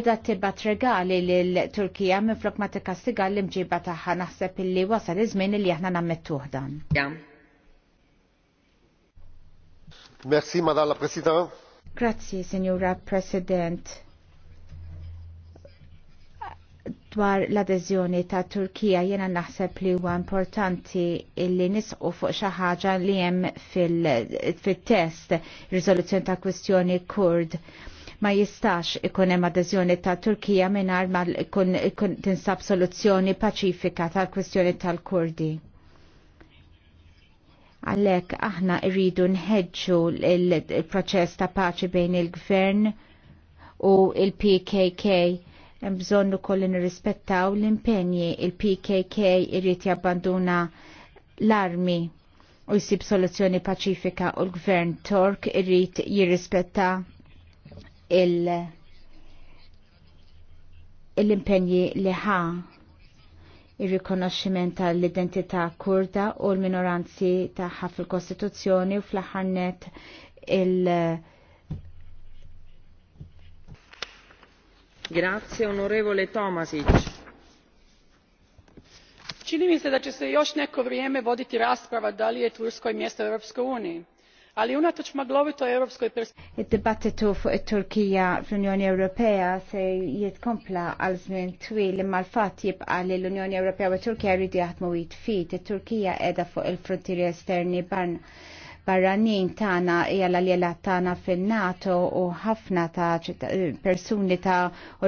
edha tibat regali lil Turkija minflok ma tikkastiga l-imġiba tagħha naħseb illi wasal iż-żmien li aħna nammettuh dan. Merci, Madame la Présidente. Grazzi, Signora President dwar l adezjoni ta' Turkija jena naħseb li huwa importanti illi nisqu fuq xi ħaġa li hemm fil-test fil riżoluzzjoni ta' kwestjoni kurd ma jistax ikun hemm adeżjoni ta' Turkija mingħajr ma ikun tinsab soluzzjoni paċifika tal-kwestjoni tal-Kurdi. Għalek aħna irridu nħedġu il-proċess ta' paċi bejn il-gvern u il-PKK. Bżonnu kolli nirrispettaw l-impenji il-PKK irrit jabbanduna l-armi u jisib soluzzjoni paċifika u l-gvern Tork irrit jirrispetta il- l-impenji li ħa ir-rikonoxximent tal-identità kurda u l-minoranzi tagħha fil-Kostituzzjoni u fl-aħħar net il- Grazie onorevole Tomasic. Čini mi se da će se još neko vrijeme voditi rasprava da li je Turskoj mjesto u Europskoj uniji Ali unatoč maglovitoj europskoj perspektivi. Id-dibattitu fuq it-Turkija fl-Unjoni Ewropea se jitkompla għal żmien twil imma l-fatt jibqa' li l-Unjoni Ewropea u Turkija jridu jaħdmu jitfit. It-Turkija qiegħda fuq il-frontieri esterni barn barranin tagħna hija l-aljela tagħna fin-NATO u ħafna ta' persuni ta'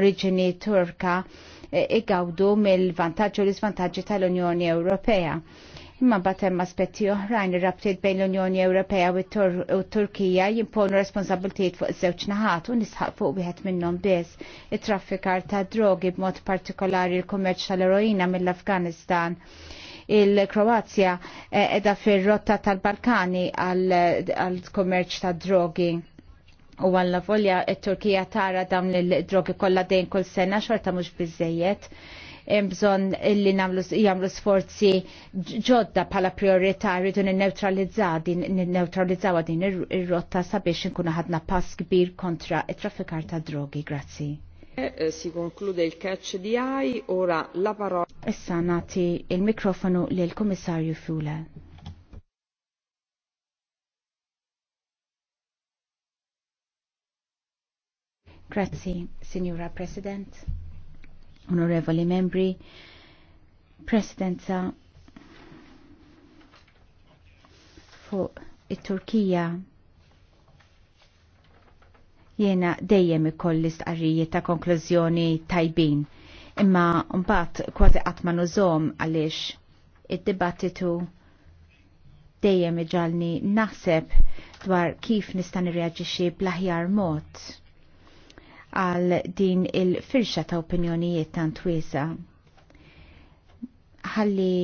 oriġini Turka e, igawdu mill-vantaġġi u l-iżvantaġġi tal-Unjoni Ewropea imma batem aspetti oħrajn ir-rabtiet bejn l-Unjoni Ewropea u t-Turkija jimponu responsabiltiet fuq iż-żewġ naħat u nisħaq fuq wieħed minnhom biss. It-traffikar ta' drogi b'mod partikolari l-kummerċ tal-eroina mill-Afganistan il-Kroazja eh, edha fir-rotta tal-Balkani għal kummerċ ta' drogi. U għalla volja, il-Turkija tara dawn il-drogi kollha dejn kull sena xorta mhux biżejjed bżon li jamlu sforzi ġodda pala priorità rridu n-neutralizzaw din n din ir-rotta sabiex nkunu ħadna pass kbir kontra il traffikar ta' drogi. Grazzi. Eh, si konklude il-catch di għaj, ora la parola. Issa nati il-mikrofonu l-Komissarju Fula. Grazzi, Signora President onorevoli membri, presidenza fuq it-Turkija Jiena dejjem ikolli stqarrijiet ta' konklużjoni tajbin, imma mbagħad kważi qatt ma nużom għaliex id-dibattitu dejjem iġalni naħseb dwar kif nista' nirreaġixxi bl-aħjar mod għal din il-firxa ta' opinjonijiet ta' wiesa. Għalli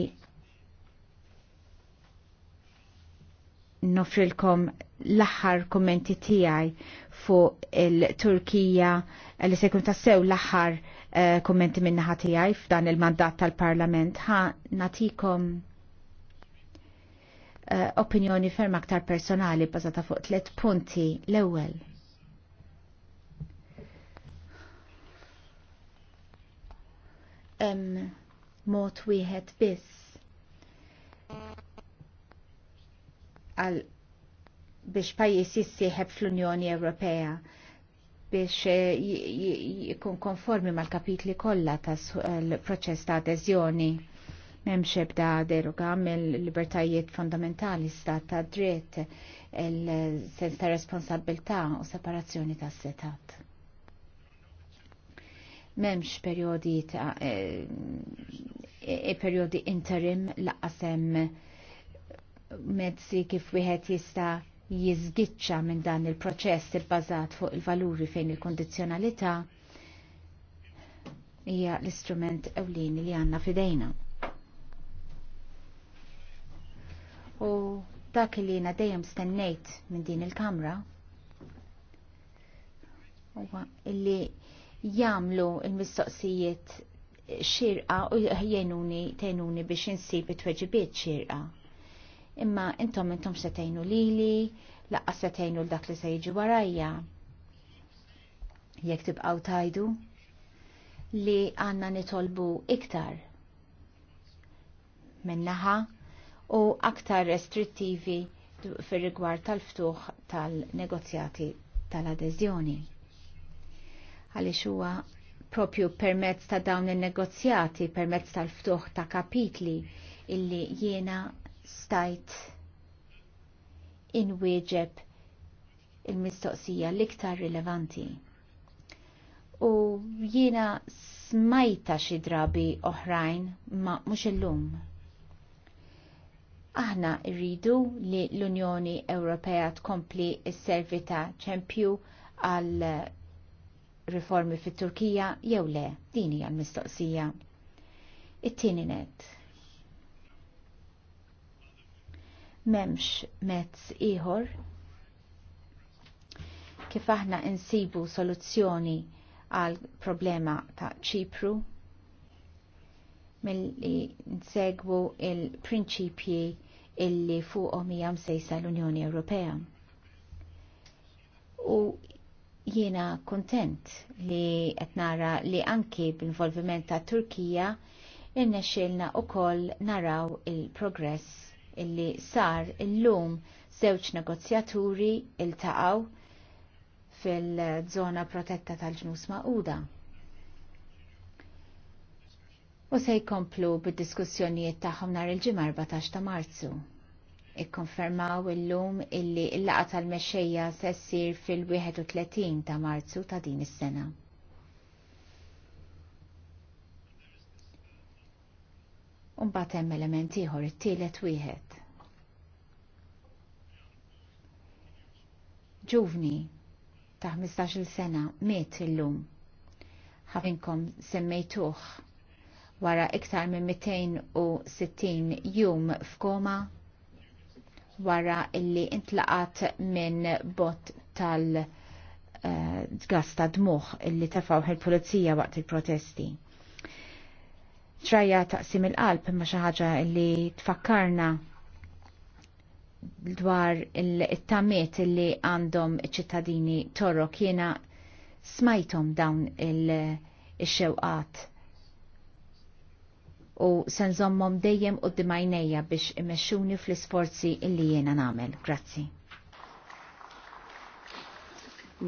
nofrilkom l-aħħar kommenti tiegħi fuq il-Turkija li se jkun tassew l-aħħar uh, eh, kommenti minnaħa tiegħi f'dan il-mandat tal-Parlament. Ha natikom eh, opinjoni ferm aktar personali bażata fuq tliet punti l-ewwel mod wieħed biss għal biex pajjiż jissieħeb fl-Unjoni Ewropea biex eh, jkun konformi mal-kapitli kollha tas-proċess ta' adeżjoni memx ebda deroga mill-libertajiet fondamentali, stat ta' dritt, il-sens ta' responsabilità u separazzjoni ta' setat memx periodi ta' e, e, e periodi interim laqasem mezzi kif wieħed jista' jizgitxa minn dan il-proċess il-bazat fuq il-valuri fejn il-kondizjonalità hija l-istrument ewlieni li għandna fidejna. U dak li jiena dejjem stennejt minn din il-kamra huwa illi Jamlu l-mistoqsijiet xirqa u jenuni tenuni biex insib it-tweġibiet xirqa. Imma intom intom se tgħinu lili, laqqa se l-dak li se jiġi warajja. Jekk tibqgħu tajdu li għandna nitolbu iktar minnaħa u aktar restrittivi fir rigward tal-ftuħ tal-negozjati tal-adeżjoni għaliex huwa propju permezz ta' dawn il-negozjati, permezz tal-ftuħ ta' kapitli illi jiena stajt inwieġeb il-mistoqsija l-iktar rilevanti. U jiena smajta xi drabi oħrajn ma mhux illum. Aħna rridu li l-Unjoni Ewropea tkompli s-servi ta' ċempju għal riformi fit-Turkija jew le, din hija l-mistoqsija. It-tieni net. Memx mezz ieħor kif aħna insibu soluzzjoni għal problema ta' Ċipru milli nsegwu il-prinċipji illi fuqhom hija msejsa l-Unjoni Ewropea. U Jiena kontent li qed nara li anki b'involviment ta' Turkija u wkoll naraw il-progress illi sar illum żewġ negozjaturi il-taqaw fil-żona protetta tal-ġnus Magħquda. U se jkomplu bid-diskussjonijiet tagħhom nhar il-ġimgħa 14 ta' Marzu ikkonfermaw illum illi il-laqa tal-mexxejja se ssir fil-31 ta' Marzu ta' din is-sena. Umbagħad hemm element ieħor it-tielet wieħed. Ġuvni ta' 15-il sena miet illum. Ħafinkom semmejtuh wara iktar minn 260 jum f'koma wara illi intlaqat minn bot tal- eh, gas ta' dmuħ illi tafaw il-polizija waqt il-protesti. Trajja taqsim il-qalb imma xi ħaġa illi tfakkarna dwar il-tamiet illi għandhom iċ-ċittadini torok jiena smajtom dawn il-xewqat u senżommom dejjem u dimajnejja biex imexxuni fl-isforzi illi jiena nagħmel. Grazzi.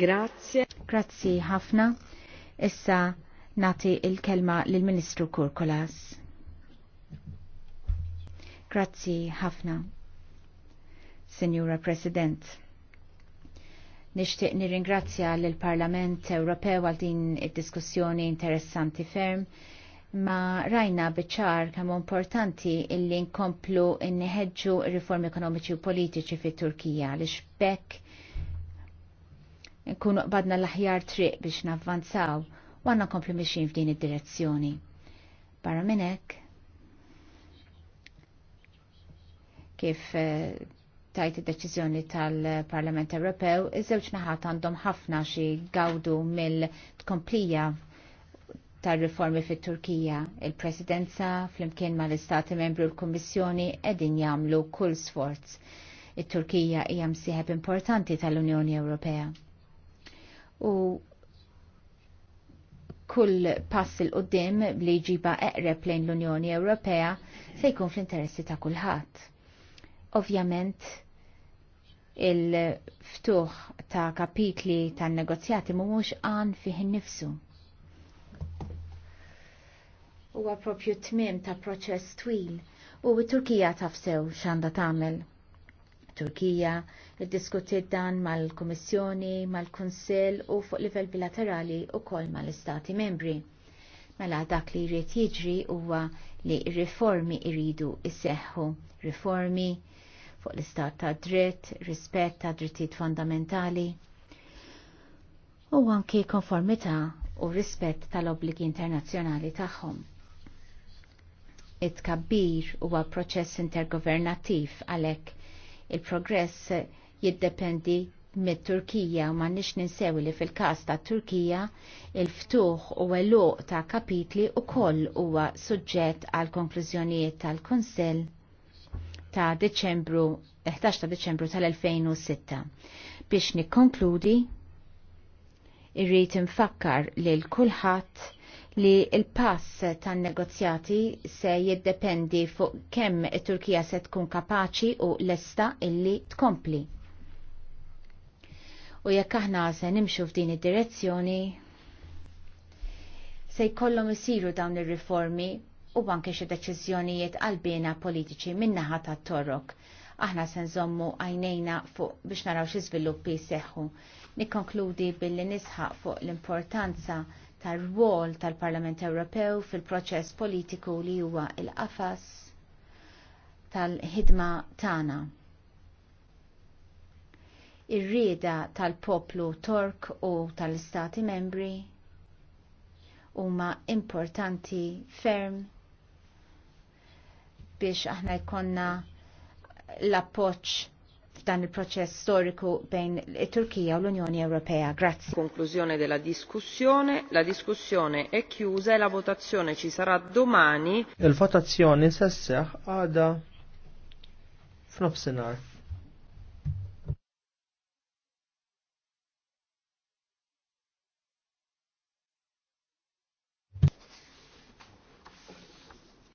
Grazie. Grazzi ħafna. Issa nati il-kelma lill-Ministru Kurkolas. Grazzi ħafna. Signora President. Nishtiq nirringrazzja l-Parlament Ewropew għal din id-diskussjoni interessanti ferm ma rajna biċar kemm importanti illi nkomplu inneħeġġu riformi ekonomiċi u politiċi fit turkija li xbekk nkunu qbadna l-aħjar triq biex navvanzaw u għanna komplu miexin f'din id-direzzjoni. Barra minnek, kif eh, tajt id-deċizjoni tal-Parlament Ewropew, iż-żewġ naħat għandhom ħafna xi gawdu mill-tkomplija tal-riformi fit turkija Il-Presidenza flimkien ma l-Istati membru l-Kommissjoni edin jamlu kull sforz. Il-Turkija hija msieħeb importanti tal-Unjoni Ewropea. U kull pass il qoddim li jġiba eqreb lejn l-Unjoni Ewropea se jkun fl-interessi ta' kulħadd. Ovvjament, il-ftuħ ta' kapitli tan negozjati mhumiex għan fih innifsu. nifsu huwa propju tmim ta' proċess twil u Turkija tafsew x'għandha tagħmel. Turkija diskutiet dan mal-Kummissjoni, mal-Kunsill u fuq livell bilaterali wkoll mal-Istati membri. Mela dak li jrid jiġri huwa li riformi jridu isseħħu riformi fuq l-istat ta' dritt, rispett ta' drittijiet fondamentali u anki konformità u rispett tal-obbligi internazzjonali tagħhom it-kabbir huwa proċess intergovernattiv għalhekk il-progress jiddependi mit-Turkija u m'għandniex ninsewi li fil-każ ta' Turkija il-ftuħ u eluq ta' kapitli u koll huwa suġġett għal konklużjonijiet tal-Kunsell ta' Deċembru 11 ta' Deċembru tal-2006. Biex nikkonkludi, nfakkar infakkar lil kulħadd li il-pass tan negozjati se jiddependi fuq kemm it-Turkija se tkun kapaċi u lesta illi tkompli. U jekk aħna se nimxu f'din id-direzzjoni, se jkollhom isiru dawn ir-riformi u anke xi deċiżjonijiet għalbina politiċi min-naħa tat-torok. Aħna se nżommu għajnejna fuq biex naraw xi żviluppi jseħħu. Nikkonkludi billi nisħaq fuq l-importanza tal rwol tal-Parlament Ewropew fil-proċess politiku li huwa il-qafas tal-ħidma tagħna. Ir-rieda tal-poplu Tork u tal-Istati membri huma importanti ferm biex aħna jkollna l appoċċ f'dan il-proċess storiku bejn it-Turkija u l-Unjoni Ewropea. Grazie. Konklużjoni della diskussjoni. La diskussjoni è chiusa e la votazione ci sarà domani. Il-votazzjoni sesseħ għada f'nofsinhar.